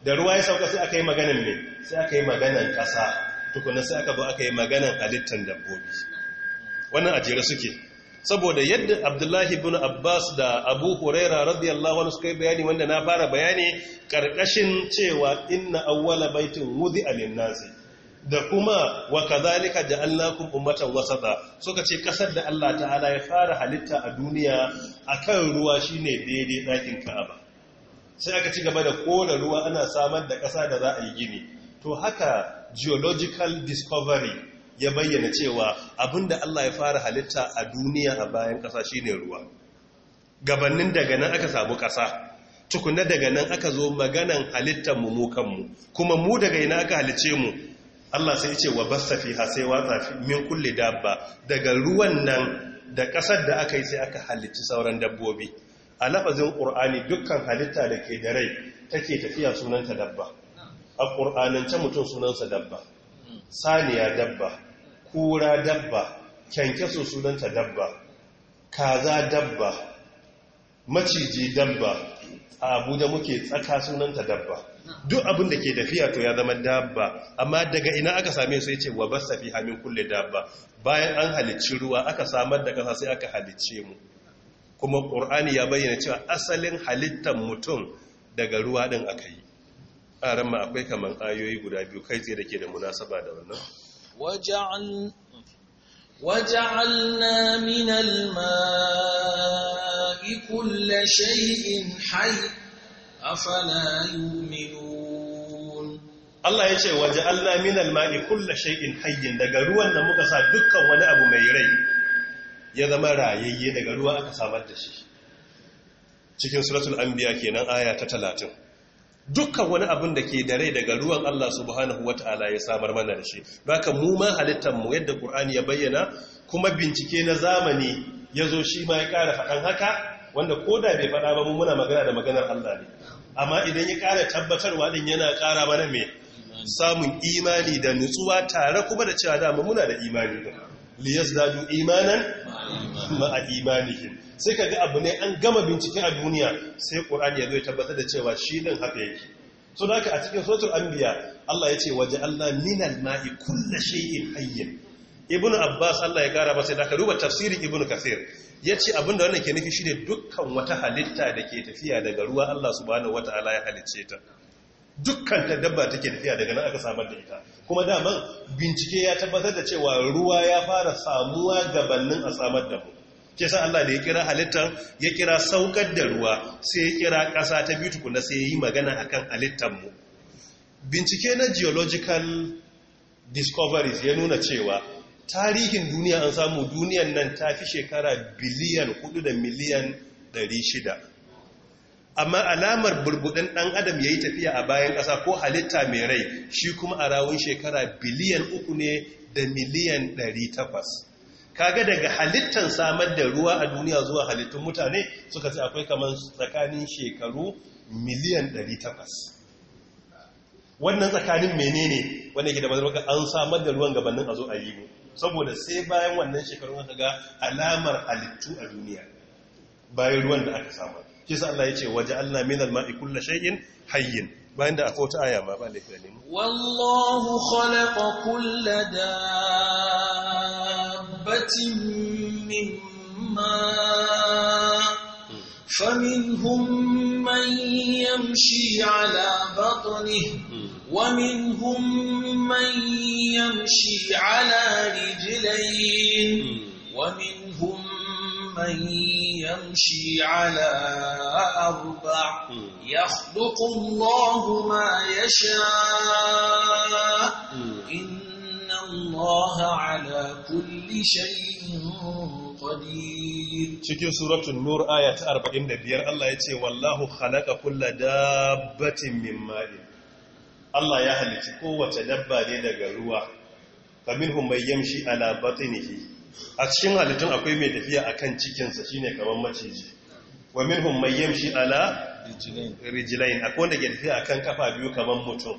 da ruwa ya sauka sai aka yi maganan ne sai aka yi maganan ƙasa tukuna sai aka zo aka yi maganan halittar dabbobi wannan a suke saboda yadda abdullahi bin abbas da abu huraira radiyallahu anhu suka yi bayani wanda na fara bayani karkashin cewa inna awwala baitin wudi alinnasi da kuma wa kadhalika ja'alnakum ummatan wasata suka ce kasar da Allah ta'ala ya fara halitta a duniya a kan ruwa shine daidai dakin Ka'aba sai aka ci gaba da kora ruwa ana samar da kasa da za a yi gini to haka geological discovery ya bayyana cewa abinda Allah ya fara halitta a duniya a bayan ƙasa shine ruwa gabanin daga nan aka samu ƙasa tukuna daga nan aka zo maganan halittar mu kanmu kuma mu daga ina aka halice mu Allah sai ce wa basafi fiha sai watsa min kulli dabba daga ruwan nan da ƙasar da aka yi sai aka halicci sauran dabbobi a lafazin ƙur'ani dukkan halitta da ke da rai take tafiya sunanta dabba a ƙur'anance mutum sunansa dabba saniya dabba kura dabba kyankyaso sunanta dabba kaza dabba maciji dabba a da muke tsaka sunanta dabba duk abin da ke tafiya to ya zama dabba amma daga ina aka same su ya ce wa basa fi hamin kulle dabba bayan an halicci ruwa aka samar da ƙasa sai aka halicce mu kuma ƙur'ani ya bayyana cewa asalin halittar mutum daga ruwa ɗin aka yi a ma akwai kaman ayoyi guda biyu kai tsaye da ke da munasaba da wannan وجعلنا من الماء كل شيء حي أفلا يؤمنون shay'in daga ruwan da muka sa dukkan wani abu mai rai ya zama rayayye daga ruwa aka samar da shi cikin suratul anbiya kenan aya ta talatin. dukkan wani abin da ke da rai daga ruwan Allah subhanahu wa Ta'ala ya samar mana da shi Ba mu ma halittar mu yadda ƙur'ani ya bayyana kuma bincike na zamani ya zo shi ma ya ƙara faɗan haka wanda ko da bai faɗa ba mu muna magana da maganar Allah ne amma idan ya ƙara tabbatarwa din yana ƙara mana mai samun imani da nutsuwa tare kuma da cewa dama muna da imani da liyas imanan ma'a imanihim sai ka ga abu ne an gama bincike a duniya sai Ƙur'ani ya zo ya tabbatar da cewa shi din haka yake so da a cikin suratul anbiya Allah ya ce waje Allah minal ma'i kulla shay'in hayyin ibn abbas Allah ya kara sai da ka duba tafsirin ibn kasir ya ce abinda wannan ke nufi shine dukkan wata halitta da ke tafiya daga ruwa Allah subhanahu wataala ya halicce ta dukkan ta dabba take tafiya daga nan aka samar da ita kuma daman bincike ya tabbatar da cewa ruwa ya fara samuwa gabanin a samar da mu ke san Allah da ya kira halittar ya kira saukar da ruwa sai ya kira ƙasa ta biyu tukuna sai ya yi magana a kan halittarmu. bincike na geological discoveries ya nuna cewa tarihin duniya an samu duniyan nan ta fi shekara biliyan 4 da miliyan 600 amma alamar burbuɗin ɗan adam ya yi tafiya a bayan ƙasa ko halitta mai rai shi kuma a rawun shekara biliyan uku ne da miliyan ɗari takwas kaga daga halittan samar da ruwa a duniya zuwa halittun mutane suka ce akwai kamar tsakanin shekaru miliyan ɗari takwas wannan tsakanin menene wanda ke da mazarwaka an samar da ruwan gabanin a zo a yi mu saboda sai bayan wannan shekarun aka ga alamar halittu a duniya bayan ruwan da aka samar kisa Allah ya ce waje Allah minal ma’i kulle shayin hayin bayan da a aya ma ba laifin ne wallahu khalaqa kulla dabbatin mimma faminhum man yamshi ala batnihi waminhum man yamshi ala rijlayni من يمشي على أربع يخلق الله ما يشاء إن الله على كل شيء قدير cikin suratul nur aya ta 45 Allah yace wallahu khalaqa kulla dabbatin min ma'in Allah ya halicci kowace dabba ne daga ruwa faminhum may yamshi ala batnihi a cikin halittun akwai mai tafiya akan cikinsa shi ne kamar maciji wa minhum may yamshi ala rijlain akwai wanda ke tafiya akan kafa biyu kamar mutum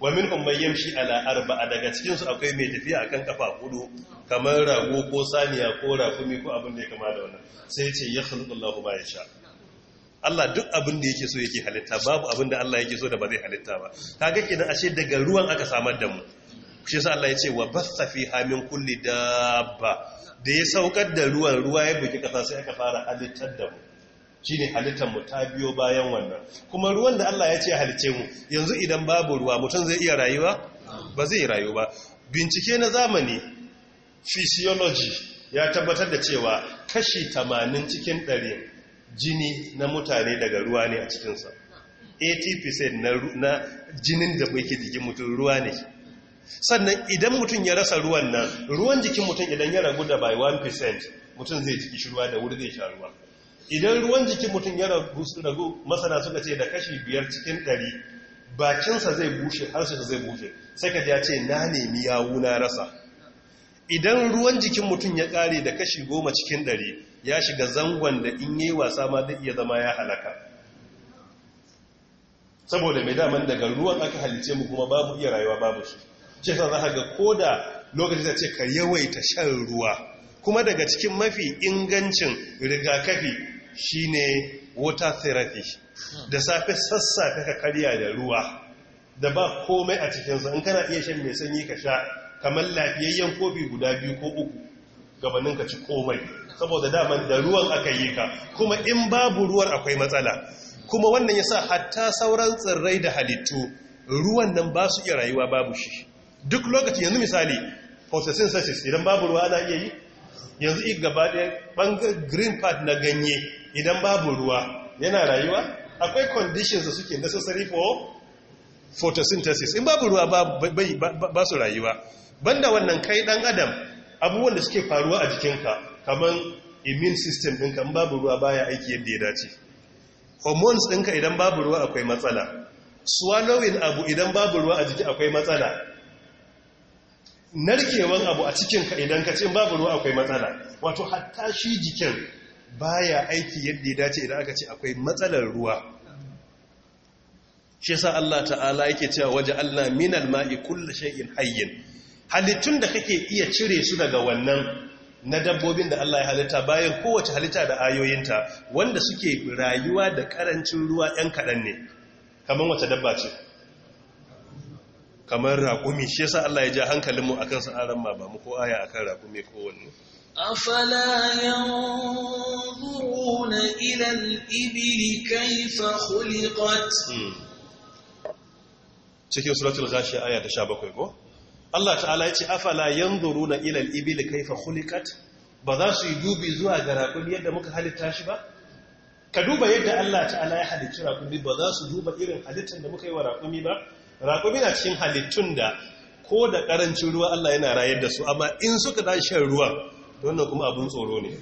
wa minhum may yamshi ala arba'a daga cikinsu akwai mai tafiya akan kafa hudu kamar rago ko saniya ko rafumi ko abin da ya kama da wannan sai ce ya yakhluqu Allahu ya sha. Allah duk abin da yake so yake halitta babu abin da Allah yake so da ba zai halitta ba kaga kenan ashe daga ruwan aka samar da mu shi yasa Allah ya ce wa basta fi hamin kulli dabba da ya saukar da ruwan ruwa ya buke kasa sai aka fara halittar da mu shi ne halittar mu ta biyo bayan wannan kuma ruwan da Allah ya ce halice mu yanzu idan babu ruwa mutum zai iya rayuwa ba zai rayu ba bincike na zamani physiology ya tabbatar da cewa kashi tamanin cikin 100 jini na mutane daga ruwa ne a cikinsa 80% na jinin da ke jikin mutum ruwa ne sannan idan mutum ya rasa ruwan nan ruwan jikin mutum idan ya ragu da by 1% mutum zai jiki shi ruwa da wuri zai sha ruwa idan ruwan jikin mutum ya ragu masana suka ce da kashi biyar cikin ɗari bakinsa zai bushe harshensa zai bushe sai ka ya ce na nemi yawu na rasa idan ruwan jikin mutum ya ƙare da kashi goma cikin ɗari ya shiga zangon da in yi wasa ma zai iya zama ya halaka saboda mai daman daga ruwan aka halice mu kuma babu iya rayuwa babu shi ce sa za ga ko da lokaci da ce ka yawaita shan ruwa kuma daga cikin mafi ingancin rigakafi shine water therapy da safe sassafe ka karya da ruwa da ba komai a cikinsa in kana iya shan mai sanyi ka sha kamar lafiyayyen kofi guda biyu ko uku gabanin ka ci komai saboda daman da ruwan aka yi ka kuma in babu ruwan akwai matsala kuma wannan ya sa hatta sauran tsirrai da halittu ruwan nan ba su iya rayuwa babu shi duk lokaci yanzu misali photosynthesis idan babu ruwa ana iya yi yanzu ik gaba ɗaya ɓangar green part na ganye idan babu ruwa yana rayuwa akwai conditions da suke necessary for photosynthesis in babu ruwa ba su rayuwa banda wannan kai ɗan adam abubuwan da suke faruwa a jikinka kamar immune system ɗinka in babu ruwa baya aiki yadda ya dace hormones ɗinka idan babu ruwa akwai matsala swallowing abu idan babu ruwa a jiki akwai matsala narkewan abu a cikinka idan ka cin babu ruwa akwai matsala wato hatta shi jikin baya aiki yadda ya dace idan aka ce akwai matsalar ruwa shi sa Allah ta'ala yake cewa waje Allah minal ma'i kullu shay'in hayyin halittun da kake iya cire su daga wannan na dabbobin da Allah ya halitta bayan kowace halitta da ayoyinta wanda suke rayuwa da karancin ruwa ɗan kaɗan ne kamar wace dabba ce kamar raƙumi shi yasa Allah ya ja hankalinmu akan sa'aran ma ba mu ko aya akan raƙumi ko wani. afala yanzuruna ila al-ibli kayfa khuliqat hmm. cikin suratul ghashiya aya ta 17 ko Allah ta'ala ya ce afala yanzuruna ila al-ibli kayfa khuliqat ba za su yi dubi zuwa ga raƙumi yadda muka halitta shi ba ka duba yadda Allah ta'ala ya halicci raƙumi ba za su duba irin halittar da muka yi wa raƙumi ba raƙumi na cikin halittun da ko da ƙarancin ruwa Allah yana rayar da su amma in suka ɗan shan ruwa wannan kuma abin tsoro ne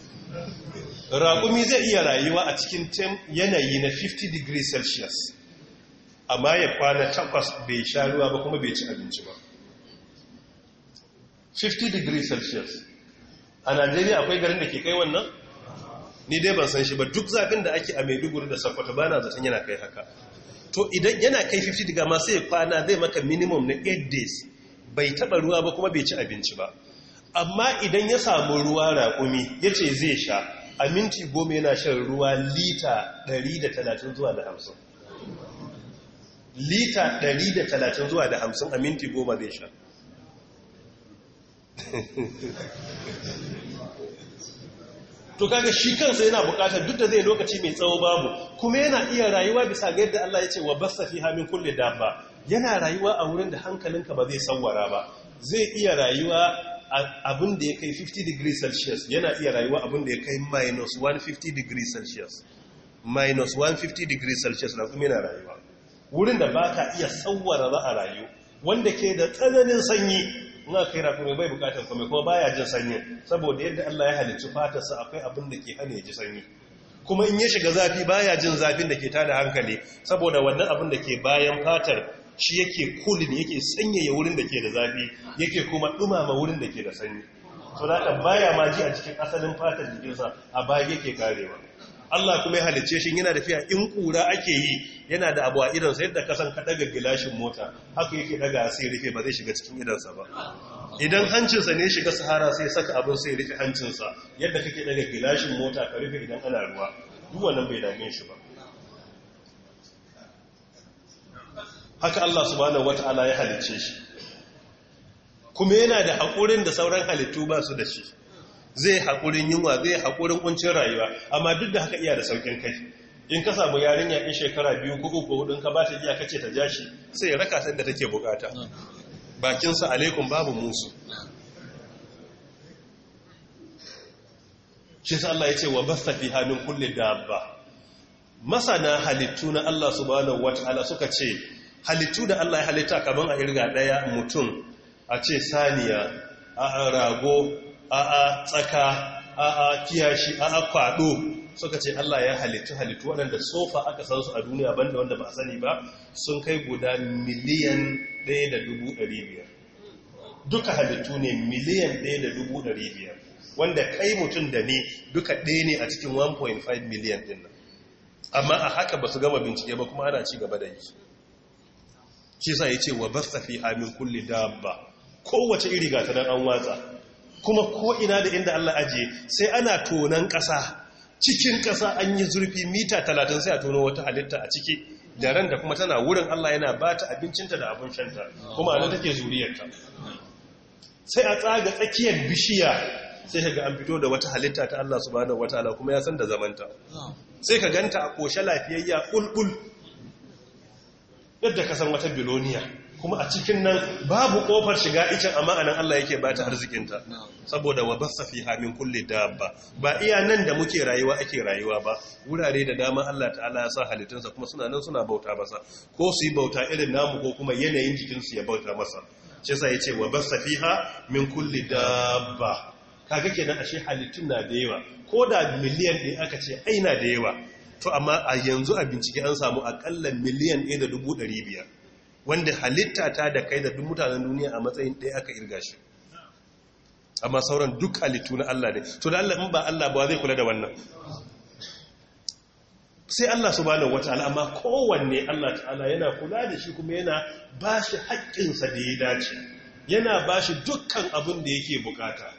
raƙumi zai iya rayuwa a cikin yanayi na 50 degrees celsius amma ya kwana takwas bai sha ruwa ba kuma bai ci abinci ba 50 degrees celsius a najeriya akwai garin da ke kai wannan ni dai ban san shi ba duk zafin da ake a maiduguri da sakwata ba na zaton yana kai haka to idan yana kai 50 diga masu sai kwana zai maka minimum na 8 days bai taba ruwa ba kuma bai ci abinci ba amma idan ya samu ruwa raƙumi ya ce zai sha a minti goma yana shan ruwa lita 130 zuwa da 50 lita 130 zuwa da 50 a minti goma zai sha to kaga shi kansa yana bukatar duk da zai lokaci mai tsawo babu kuma yana iya rayuwa bisa ga yadda Allah ya ce wa basa fi min kulli dabba yana rayuwa a wurin da hankalinka ba zai sawara ba zai iya rayuwa abin da ya kai 50 degrees celsius yana iya rayuwa abin da ya kai minus 150 degrees celsius minus 150 degrees celsius na kuma yana rayuwa wurin da baka iya sawara ba a rayu wanda ke da tsananin sanyi ina kai rafi mai bai bukatan kuma kuma baya jin sanyi saboda yadda Allah ya halicci fatarsa akwai abin da ke hana ya ji sanyi kuma in ya shiga zafi baya jin zafin da ke tada hankali saboda wannan abin da ke bayan fatar shi yake kulin yake sanyaya wurin da ke da zafi yake kuma dumama wurin da ke da sanyi so da baya ma ji a cikin asalin fatar jikinsa a baya yake karewa Allah kuma ya halice shi yana tafiya in kura ake yi yana da abu a idansa yadda kasan ka daga gilashin mota haka yake daga sai rufe ba zai shiga cikin idansa ba idan hancinsa ne shiga sahara sai saka abin sai rufe hancinsa yadda kake daga gilashin mota ka rufe idan ana ruwa duk wannan bai dame shi ba haka Allah subhanahu wata'ala ya halice shi kuma yana da haƙurin da sauran halittu ba su da shi zai haƙurin yunwa zai haƙurin kuncin rayuwa amma duk da haka iya da saukin kai in ka samu yarinya in shekara biyu ko uku hudun ka ba ta jiya kace ta jashi sai ya raka sanda take bukata bakinsa alaikum babu musu shi sa Allah ya ce wa basta fi hannun kulle dabba masana halittu na Allah subhanahu wata'ala suka ce halittu da Allah ya halitta kaman a irga daya mutum a ce saniya a rago a'a tsaka a'a kiyashi a'a kwado suka ce Allah ya halittu halittu waɗanda sofa aka san su a duniya banda wanda ba sani ba sun kai guda miliyan 1,500 duka halittu ne miliyan ɗaya 1,500 wanda kai mutum da ne duka ɗaya ne a cikin 1.5 miliyan ɗin nan amma a haka ba su gama bincike ba kuma ana ci gaba da yi shi ya ce wa basta fi amin kulli dabba kowace iri ga ta dan an watsa kuma ko ina da inda Allah ajiye sai ana tonan ƙasa cikin ƙasa an yi zurfi mita talatin sai a tono wata halitta a ciki da ran da kuma tana wurin Allah yana ba ta abincinta da abin shanta kuma ana take zuriyarta sai a tsaga tsakiyar bishiya sai ka ga an fito da wata halitta ta Allah Wata Ala kuma ya san da zamanta sai ka ganta a koshe lafiyayya ƙulƙul yadda ka san wata biloniya kuma a cikin nan babu kofar shiga icin a ma'anin Allah yake bata arzikinta saboda wa bassa fiha hamin kulle dabba ba iya nan da muke rayuwa ake rayuwa ba wurare da dama Allah ta'ala ya sa halittunsa kuma suna nan suna bauta masa ko su yi bauta irin namu ko kuma yanayin jikinsu ya bauta masa ce sa yace wa bassa ha min kulli dabba kaga kenan ashe halittun na da yawa ko da miliyan ɗin aka ce ai na da yawa to amma a yanzu a bincike an samu akalla miliyan ɗaya da dubu ɗari biyar wanda halitta ta da kai da duk mutanen duniya a matsayin ɗaya aka irga shi amma sauran duk halittu na Allah ne to da Allah ba Allah ba zai kula da wannan sai Allah subhanahu wataala amma kowanne Allah ta'ala yana kula da shi kuma yana bashi haƙƙinsa da ya dace yana bashi dukkan abin da yake bukata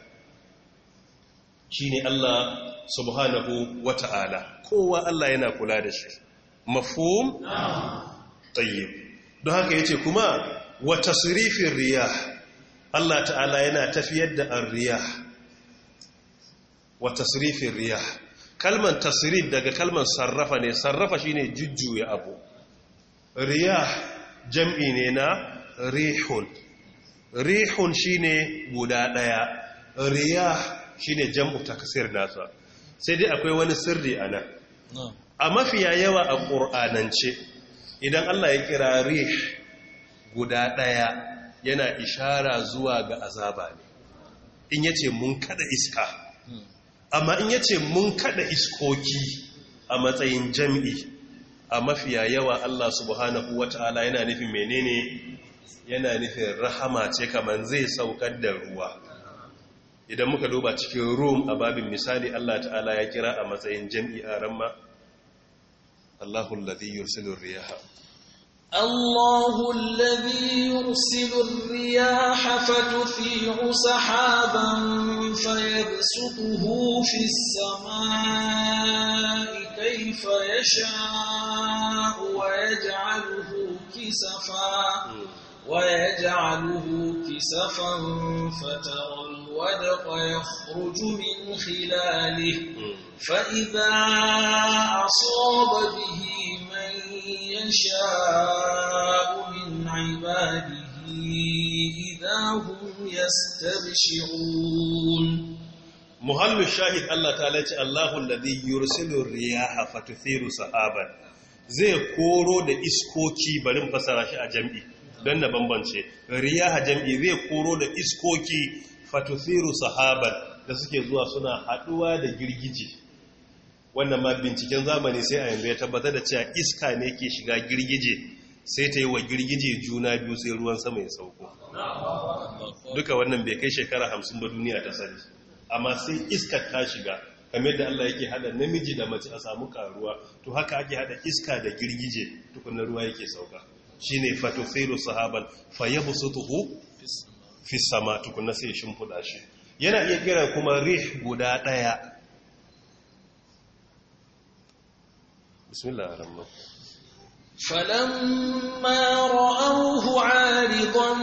shine Allah subhanahu wataala kowa Allah yana kula da shi mafhum tayyib don haka ya ce kuma wata surifin riyah Allah ta'ala yana tafiyar da an riyah wata surifin riyah kalman tasirin daga kalman sarrafa ne sarrafa shi shine jujjuya abu riyah jam'i ne na rihun rihun shi ne guda ɗaya. riyah ne jam'u takasir nasa sai dai akwai wani sirri ana a mafiya yawa a ƙur'anance idan Allah ya kira rih guda ɗaya yana ishara zuwa ga azaba ne in yace mun kada iska amma in yace mun kada iskoki a matsayin jam'i a mafiya yawa Allah subhanahu wata'ala yana nufin menene yana nufin rahama ce kamar zai saukar da ruwa idan muka duba cikin rum a babin misali Allah ta'ala ya kira a matsayin jam'i a ramma الله الذي يرسل الرياح الله الذي يرسل الرياح فتثير سحابا فيبسطه في السماء كيف يشاء ويجعله كسفا ويجعله كسفا فترى الودق يخرج من خلاله فإذا أصاب به من يشاء من عباده إذا هم يستبشرون محل الشاهد الله تعالى الله الذي يرسل الرياح فتثير صحابا zai koro da iskoki barin fasara shi a jam'i don na bambance a jam'i zai koro da iskoki fatuthiru sahaban da suke zuwa suna haduwa da girgije wannan ma binciken zamani sai a yanzu ya tabbatar da cewa iska ne ke shiga girgije sai ta yi wa girgije juna biyu sai ruwan sama ya sauko duka wannan bai kai shekara hamsin ba duniya ta sani amma sai iska ta shiga kamar da Allah yake hada namiji da mace a samu karuwa to haka ake hada iska da girgije tukunan ruwa yake sauka shine fatuthiru sahaban fayabsutuhu fi sama tukunna sai shimfiɗa shi yana iya kira kuma rih guda ɗaya bismillah ar-rahman فلما رأوه عارضا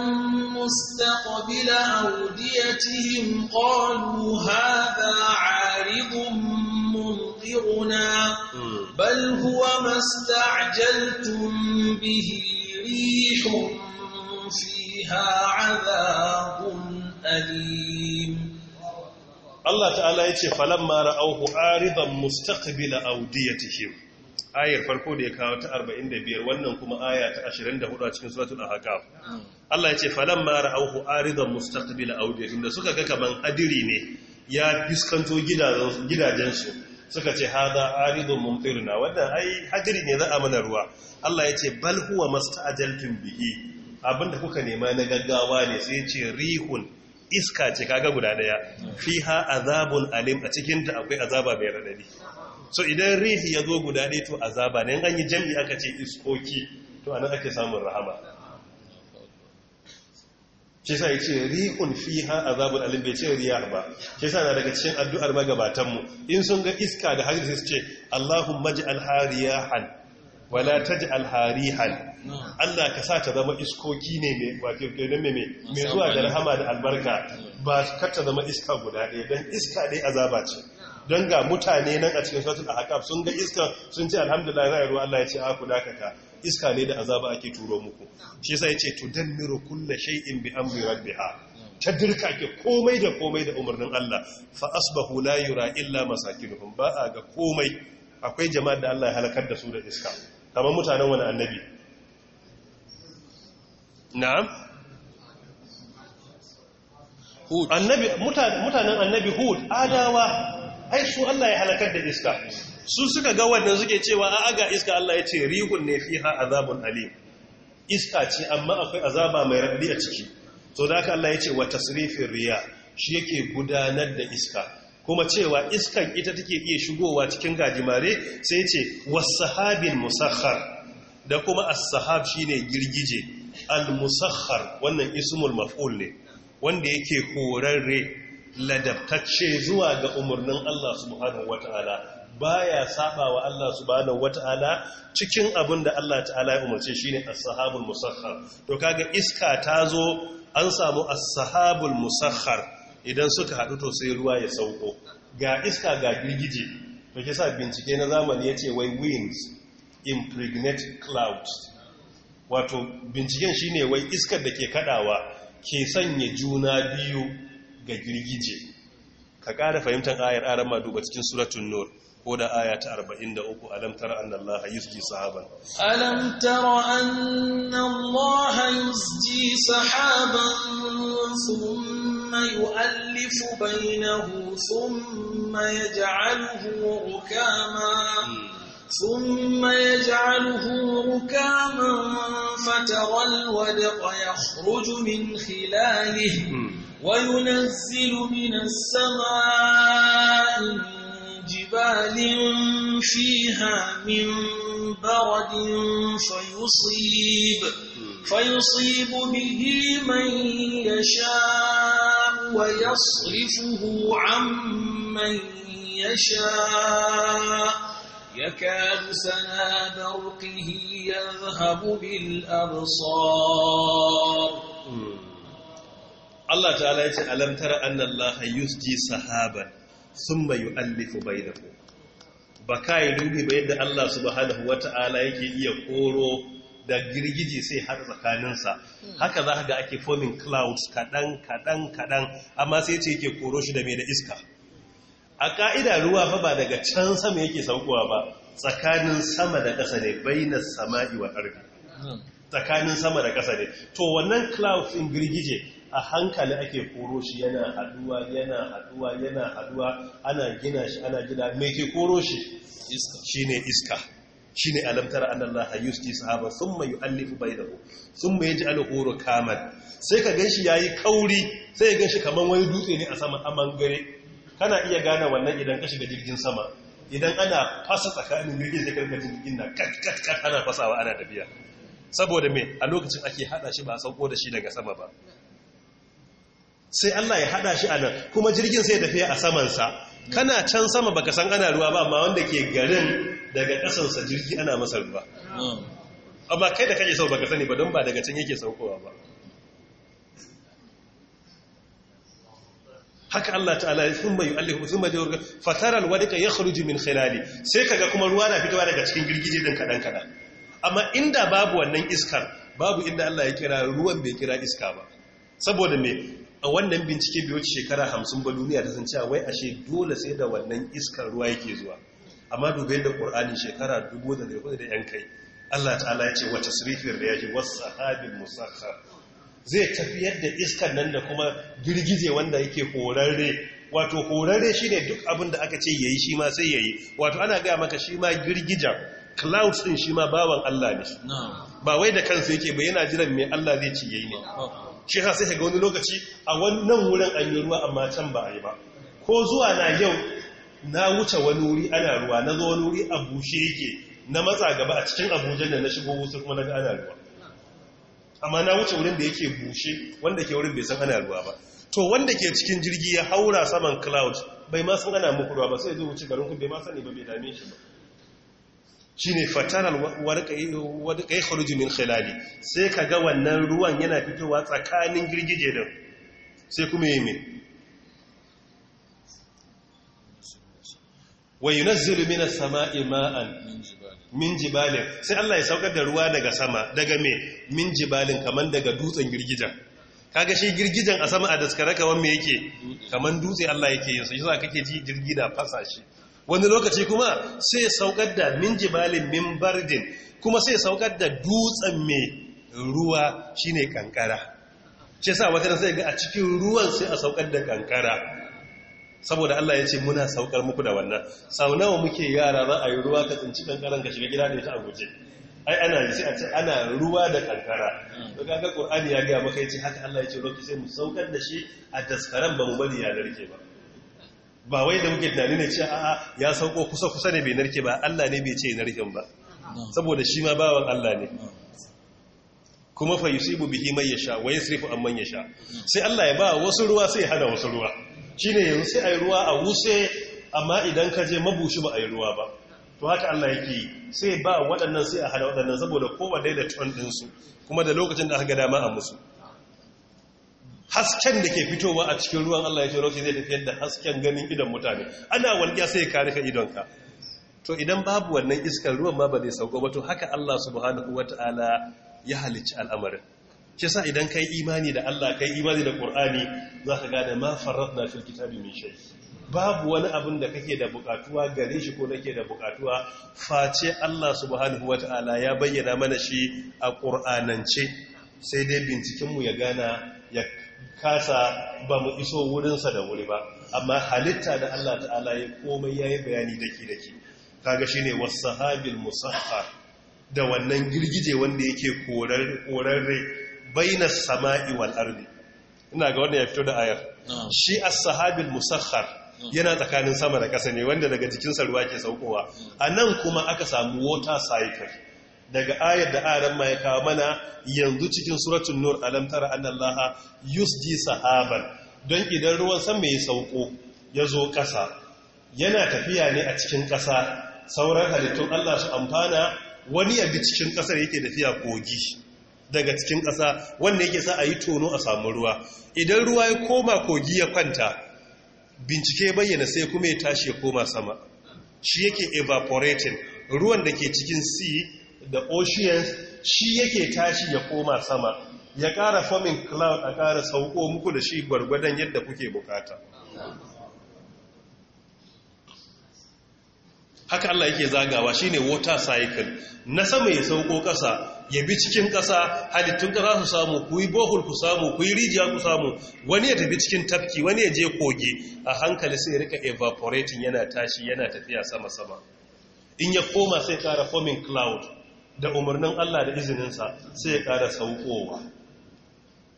مستقبل أوديتهم قالوا هذا عارض ممطرنا بل هو ما استعجلتم فيها عذاب أليم الله تعالى يتي فلما رأوه عارضا مستقبل أوديتهم ayar farko da ya kawo ta 45 wannan kuma aya ta 24 cikin suratul ahqaf Allah ya ce falamma ra'awhu aridan mustaqbil awdiyahum da suka ga kaman hadiri ne ya fiskanto gidajen su suka ce hada aridun mumtirna wannan ai hadiri ne za a mana ruwa Allah ya ce bal huwa mastajaltum bihi abinda kuka nema na gaggawa ne sai ce rihun iska ce kaga guda daya fiha azabun alim a cikin akwai azaba mai radadi so idan rihi ya zo guda daya to azaba ne an yi jami'i aka ce iskoki to anan ake samun rahama shi sa yace rihun fiha azabun alim bai ce riya ba shi sa na daga cikin addu'ar magabatan mu in sun ga iska da hadisi su ce Allahumma ij'al hariyahan wala taj'al harihan Allah ka sa ta zama iskoki ne mai wato nan mai mai zuwa da rahama da albarka ba ka ta zama iska guda ɗaya dan iska dai azaba ce don ga mutane nan a cikin a haka sun ga iska sun ce alhamdulillah za a ruwa Allah ya ce a ku dakata iska ne da azaba ake turo muku shi to dan miro kullu shay'in bi amri rabbiha ta dirka ke komai da komai da umarnin Allah fa asbahu la yura illa masakinuhum ba a ga komai akwai jama'a da Allah ya halakar da su da iska kamar mutanen wani annabi na'am annabi mutanen annabi hud adawa ai su Allah ya halakar da iska su suka ga wannan suke cewa a ga iska Allah ya ce rihun ne fiha azabun alim iska ce amma akwai azaba mai raɗi a ciki to da haka Allah ya ce wa tasrifin riya shi yake gudanar da iska kuma cewa iskan ita take iya shigowa cikin gajimare sai ce wasahabin musakhar da kuma as-sahab shine girgije al-musakhar wannan ismul maf'ul ne wanda yake horarre ladabtacce zuwa ga umarnin Allah subhanahu wata'ala baya saba wa Allah subhanahu wata'ala cikin abin da Allah ta'ala ya umarce shine as-sahabul musakhar to kaga iska ta zo an samu as-sahabul musakhar idan suka hadu to sai ruwa ya sauko ga iska ga girgije to kisa bincike na zamani yace wai winds impregnate clouds wato binciken shi ne wai iskar da ke kadawa ke sanya juna biyu ga girgije ka ƙara fahimtar ayar aran ma duba cikin suratun nur ko da aya ta 43 alam tara anna allaha yusji sahaban alam tara anna allaha yusji sahaban thumma yu'allifu bainahu thumma yaj'aluhu rukama hmm. ثم يجعله ركاما فترى الودق يخرج من خلاله وينزل من السماء جبال فيها من برد فيصيب فيصيب به من يشاء ويصرفه عمن يشاء يكاد سنا برقه يذهب بالأبصار Allah ta'ala yace alam tara anna Allah yusji sahaban thumma yu'allifu bainahu baka dubi ba yadda Allah subhanahu wata'ala yake iya koro da girgiji sai har tsakaninsa haka za ga ake forming clouds kadan kadan kadan amma sai ce yake koro shi da mai da iska a ka'ida ruwa fa ba daga can sama yake saukowa ba tsakanin sama da ƙasa ne baina sama'i wa ƙarfi hmm. tsakanin sama da ƙasa ne to wannan cloud in girgije a hankali ake koro shi yana haduwa yana haduwa yana haduwa ana gina shi ana gina mai ke koro shi shine iska shine alamtar annallaha yusti sahaba thumma yu'allifu bainahu thumma yaj'aluhu kamar. sai ka ganshi yayi kauri sai ka ganshi kaman wani dutse ne a saman amangare kana iya gane wannan idan ka shiga jirgin sama idan ana fasa tsakanin jirgin sai karkar jirgin na kat ana fasawa ana tafiya saboda me a lokacin ake hada shi ba sauko da shi daga sama ba sai Allah ya hada shi a nan kuma jirgin sai tafiya a samansa kana can sama baka san ana ruwa ba ma wanda ke garin daga kasansa jirgi ana masa ruwa hmm. amma kai da kake sau baka sani ba don ba daga can yake saukowa ba haka Allah ta'ala ya thumma yu'allihu thumma yurga fatara alwadqa yakhruju min khilali sai kaga kuma ruwa na fitowa daga cikin girgije din kadan kadan amma inda babu wannan iskar babu inda Allah ya kira ruwan bai kira iska ba saboda me a wannan bincike bai wuce shekara 50 ba duniya ta san cewa wai ashe dole sai da wannan iskar ruwa yake zuwa amma dubai da qur'ani shekara 2000 da yan kai Allah ta'ala ya ce wa tasrifir riyaji was sahabil musakhkhar zai tafi yadda iskan nan da kuma girgije wanda yake horarre wato horarre shi ne duk abin da aka ce yayi shi ma sai yayi wato ana gaya maka shi ma girgijan clouds din shi ma bawan Allah ne ba wai da kansa yake ba yana jiran mai Allah zai ci yayi ne shi ha sai ga wani lokaci a wannan wurin an yi ruwa amma can ba a yi ba ko zuwa na yau na wuce wani wuri ana ruwa na zo wani wuri a bushe yake na matsa gaba a cikin abuja da na shigo wusu kuma na ga ana ruwa amma na wuce wurin da yake bushe wanda ke wurin bai san ana ruwa ba to wanda ke cikin jirgi ya haura saman cloud bai ma san ana muku ruwa ba sai zai wuce garin ku bai ma sani ba bai dame shi ba shine fataral warqa yakhruju min khilali sai kaga wannan ruwan yana fitowa tsakanin girgije din sai kuma yayi min wa yunazzilu minas sama'i ma'an min jibalin sai Allah ya saukar da ruwa daga sama daga me min jibalin kaman daga dutsen girgijan kaga shi girgijan a sama a daskare kaman me yake kaman dutse Allah yake yin su yasa kake ji jirgi da fasa shi wani lokaci kuma sai saukar da min jibalin min bardin kuma sai saukar da dutsen me ruwa shine kankara shi yasa wata sai ga a cikin ruwan sai a saukar da kankara saboda Allah ya ce muna saukar muku da wannan sau nawa muke yara za a yi ruwa ka tsinci kankaran ka shiga gida da ita a guje ai ana yi sai a ce ana ruwa da kankara to kaga qur'ani ya ga maka yace haka Allah ya ce roki sai mu saukar da shi a daskaran ba mu bari ya narke ba ba wai da muke tunani ne cewa a'a ya sauko kusa kusa ne bai narke ba Allah ne bai ce narken ba saboda shi ma bawan Allah ne kuma fa yusibu bihi man yasha wa yasrifu amman yasha sai Allah ya ba wasu ruwa sai ya hana wasu ruwa ne yanzu sai ai ruwa a wuse amma idan ka je mabushi ba a yi ruwa ba to haka Allah yake sai ba waɗannan sai a hada waɗannan saboda dai da ton din su kuma da lokacin da aka ga dama a musu hasken da ke fitowa a cikin ruwan Allah ya ce roshi zai tafiyar da hasken ganin idon mutane ana walƙiya sai ka rufe idonka to idan babu wannan iskar ruwan ma ba zai sauko ba to haka Allah subhanahu wata'ala ya halicci al'amarin ce sa idan kai imani da Allah kai imani da ƙur'ani, za ka gane ma na fil kitabi min shay babu wani abin da kake da bukatuwa gare shi ko nake da bukatuwa face Allah subhanahu ta'ala ya bayyana mana shi a ƙur'anance. sai dai binciken mu ya gana ya kasa ba mu iso wurinsa da wuri ba amma halitta da Allah ta'ala ya komai yayi bayani dake dake kaga shine wasahabil musahhar da wannan girgije wanda yake korarre baina sama'i wal ardi ina ga wanda ya fito da ayar shi as-sahabil musakhkhar yana tsakanin sama da ƙasa ne wanda daga sa ruwa ke saukowa anan kuma aka samu water cycle daga ayar da aran ma ya kawo mana yanzu cikin suratun nur alam tara annallaha yusji sahaban don idan ruwan sama ya sauko ya zo ƙasa yana tafiya ne a cikin ƙasa sauran halittun Allah su amfana wani yabi cikin ƙasar yake tafiya kogi daga cikin ƙasa wanda yake sa a yi tono a samu ruwa idan ruwa ya koma kogi ya kwanta bincike bayyana sai kuma ya tashi ya koma sama shi yake evaporating ruwan da ke cikin sea da oceans shi yake tashi ya koma sama ya ƙara forming cloud a ƙara sauko muku da shi gwargwadon yadda kuke bukata haka Allah yake zagawa shine water cycle na sama ya sauko ƙasa ya bi cikin ƙasa halittun ƙasa su samu ku yi bohol ku samu ku yi rijiya ku samu wani ya tafi cikin tafki wani ya je kogi a hankali sai rika evaporating yana tashi yana tafiya sama-sama in ya koma sai ƙara forming cloud da umarnin Allah da izininsa sai ya ƙara saukowa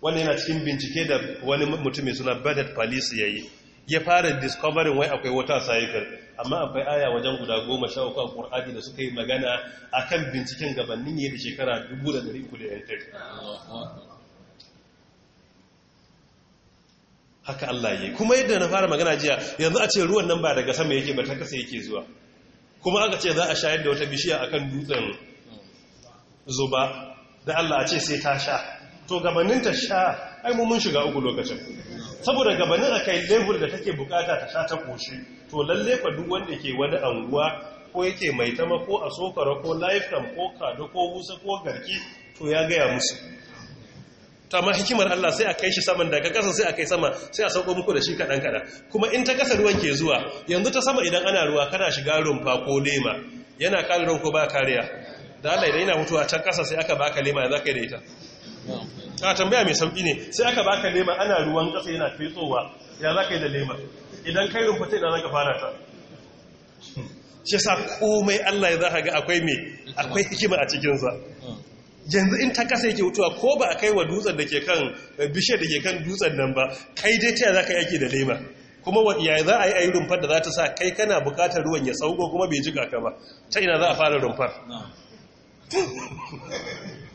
wani yana cikin bincike da wani mutum mai suna bedded palisi ya yi ya fara discovering wai akwai wata cycle amma akwai aya wajen guda goma sha uku a Qur'ani da suka yi magana a binciken gabanin yadda shekara 1300 haka Allah ya kuma yadda na fara magana jiya yanzu a ce ruwan nan ba daga sama yake ba ta kasa yake zuwa kuma aka ce za a shayar da wata bishiya akan dutsen zuba da Allah a ce sai ta sha to gabanin ta sha ai mun shiga uku lokacin saboda gabanin a kai lebur da take bukata ta sha ta koshi to lalle fa duk wanda ke wani anguwa ko yake mai tama ko a sokara ko laifin ko kado ko wusa ko garki to ya gaya musu ma hikimar Allah sai a kai shi saman daga kasa sai a kai sama sai a sauko muku da shi kaɗan kaɗan kuma in ta kasa ruwan ke zuwa yanzu ta sama idan ana ruwa kana shiga rumfa ko lema yana kare ko ba kariya da Allah idan yana mutuwa can kasa sai aka baka lema yanzu za ka yi da ita a tambaya mai sauki ne sai aka baka lema ana ruwan kasa yana fetowa ya za ka yi da lema idan kai rumfa ta idan za ka fara ta shi sa komai Allah ya za ka ga akwai mai akwai hikima a cikinsa yanzu in ta kasa yake wutuwa ko ba a kai wa dutsen da ke kan eh, bishiyar da ke kan dutsen nan ba kai dai ta za ka yake da lema kuma ya za a yi ayi rumfar da za ta sa kai kana bukatar ruwan ya sauko kuma bai jika ka ba ta ina za a fara rumfar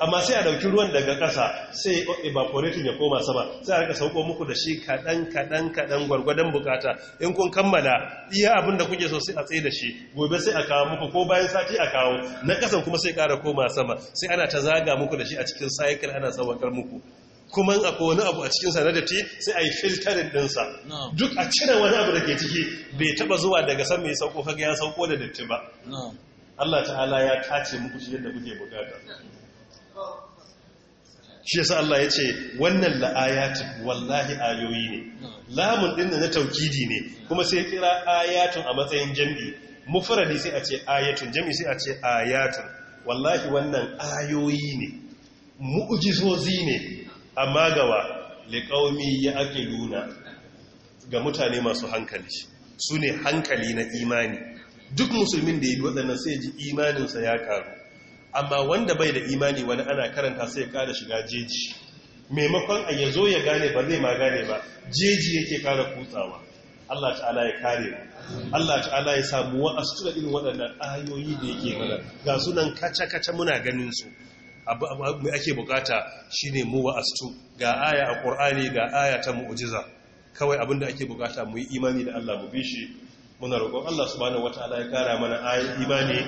amma sai a dauki ruwan daga kasa sai evaporating ya koma sama sai a rika sauko muku da shi kaɗan kaɗan kaɗan gwargwadon bukata in kun kammala iya abin da kuke so sai a tsaye da shi gobe sai a kawo muku ko bayan sati a kawo na kasa kuma sai kara koma sama sai ana ta zaga muku da shi a cikin cycle ana sauƙar muku kuma a wani abu a cikinsa na datti sai a yi filtarin ɗinsa duk a cire wani abu da ke ciki bai taba zuwa daga san mai sauko kaga ya sauko da datti ba Allah ta'ala ya kace muku shi yadda kuke bukata shi yasa Allah ya ce wannan la'ayatun wallahi ayoyi ne lamun din na taukidi ne kuma sai kira ayatun a matsayin jami mufradi sai a ce ayatun jami sai a ce ayatun wallahi wannan ayoyi ne mu'jizozi ne amma gawa liqaumi ya'qiluna ga mutane masu hankali su ne hankali na imani duk musulmin da ya yi waɗannan sai ji imaninsa ya karu amma wanda bai da imani wani ana karanta sai ya kara shiga jeji maimakon a yazo ya gane ba zai ma gane ba jeji yake kada kutsawa Allah ta'ala ya kare Allah ta'ala ya samu wa'asu da irin waɗannan ayoyi da yake mana ga sunan kaca-kaca muna ganin su abu mai ake bukata shine mu wa'astu ga aya a ƙur'ani ga aya ta mu'ujiza kawai abinda ake bukata mu yi imani da Allah mu bi shi muna roƙon Allah subhanahu wataala ya kara mana imani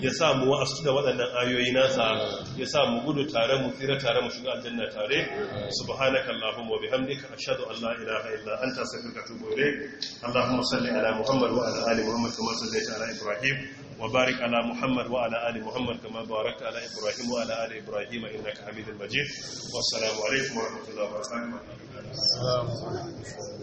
ya sa mu wa'astu da waɗannan ayoyi nasa ya sa mu gudu tare mu tsira tare mu shiga aljanna tare subhanaka allahumma wa bihamdika ashhadu an la ilaha illa anta astaghfiruka wa atubu ilayk allahumma salli ala muhammad wa ala ali muhammad kama sallaita ala ibrahim wa barik ala muhammad wa ala ali muhammad kama barakta ala ibrahim wa ala ali ibrahim innaka hamidul majid wassalamu alaikum wa rahmatullahi wa barakatuh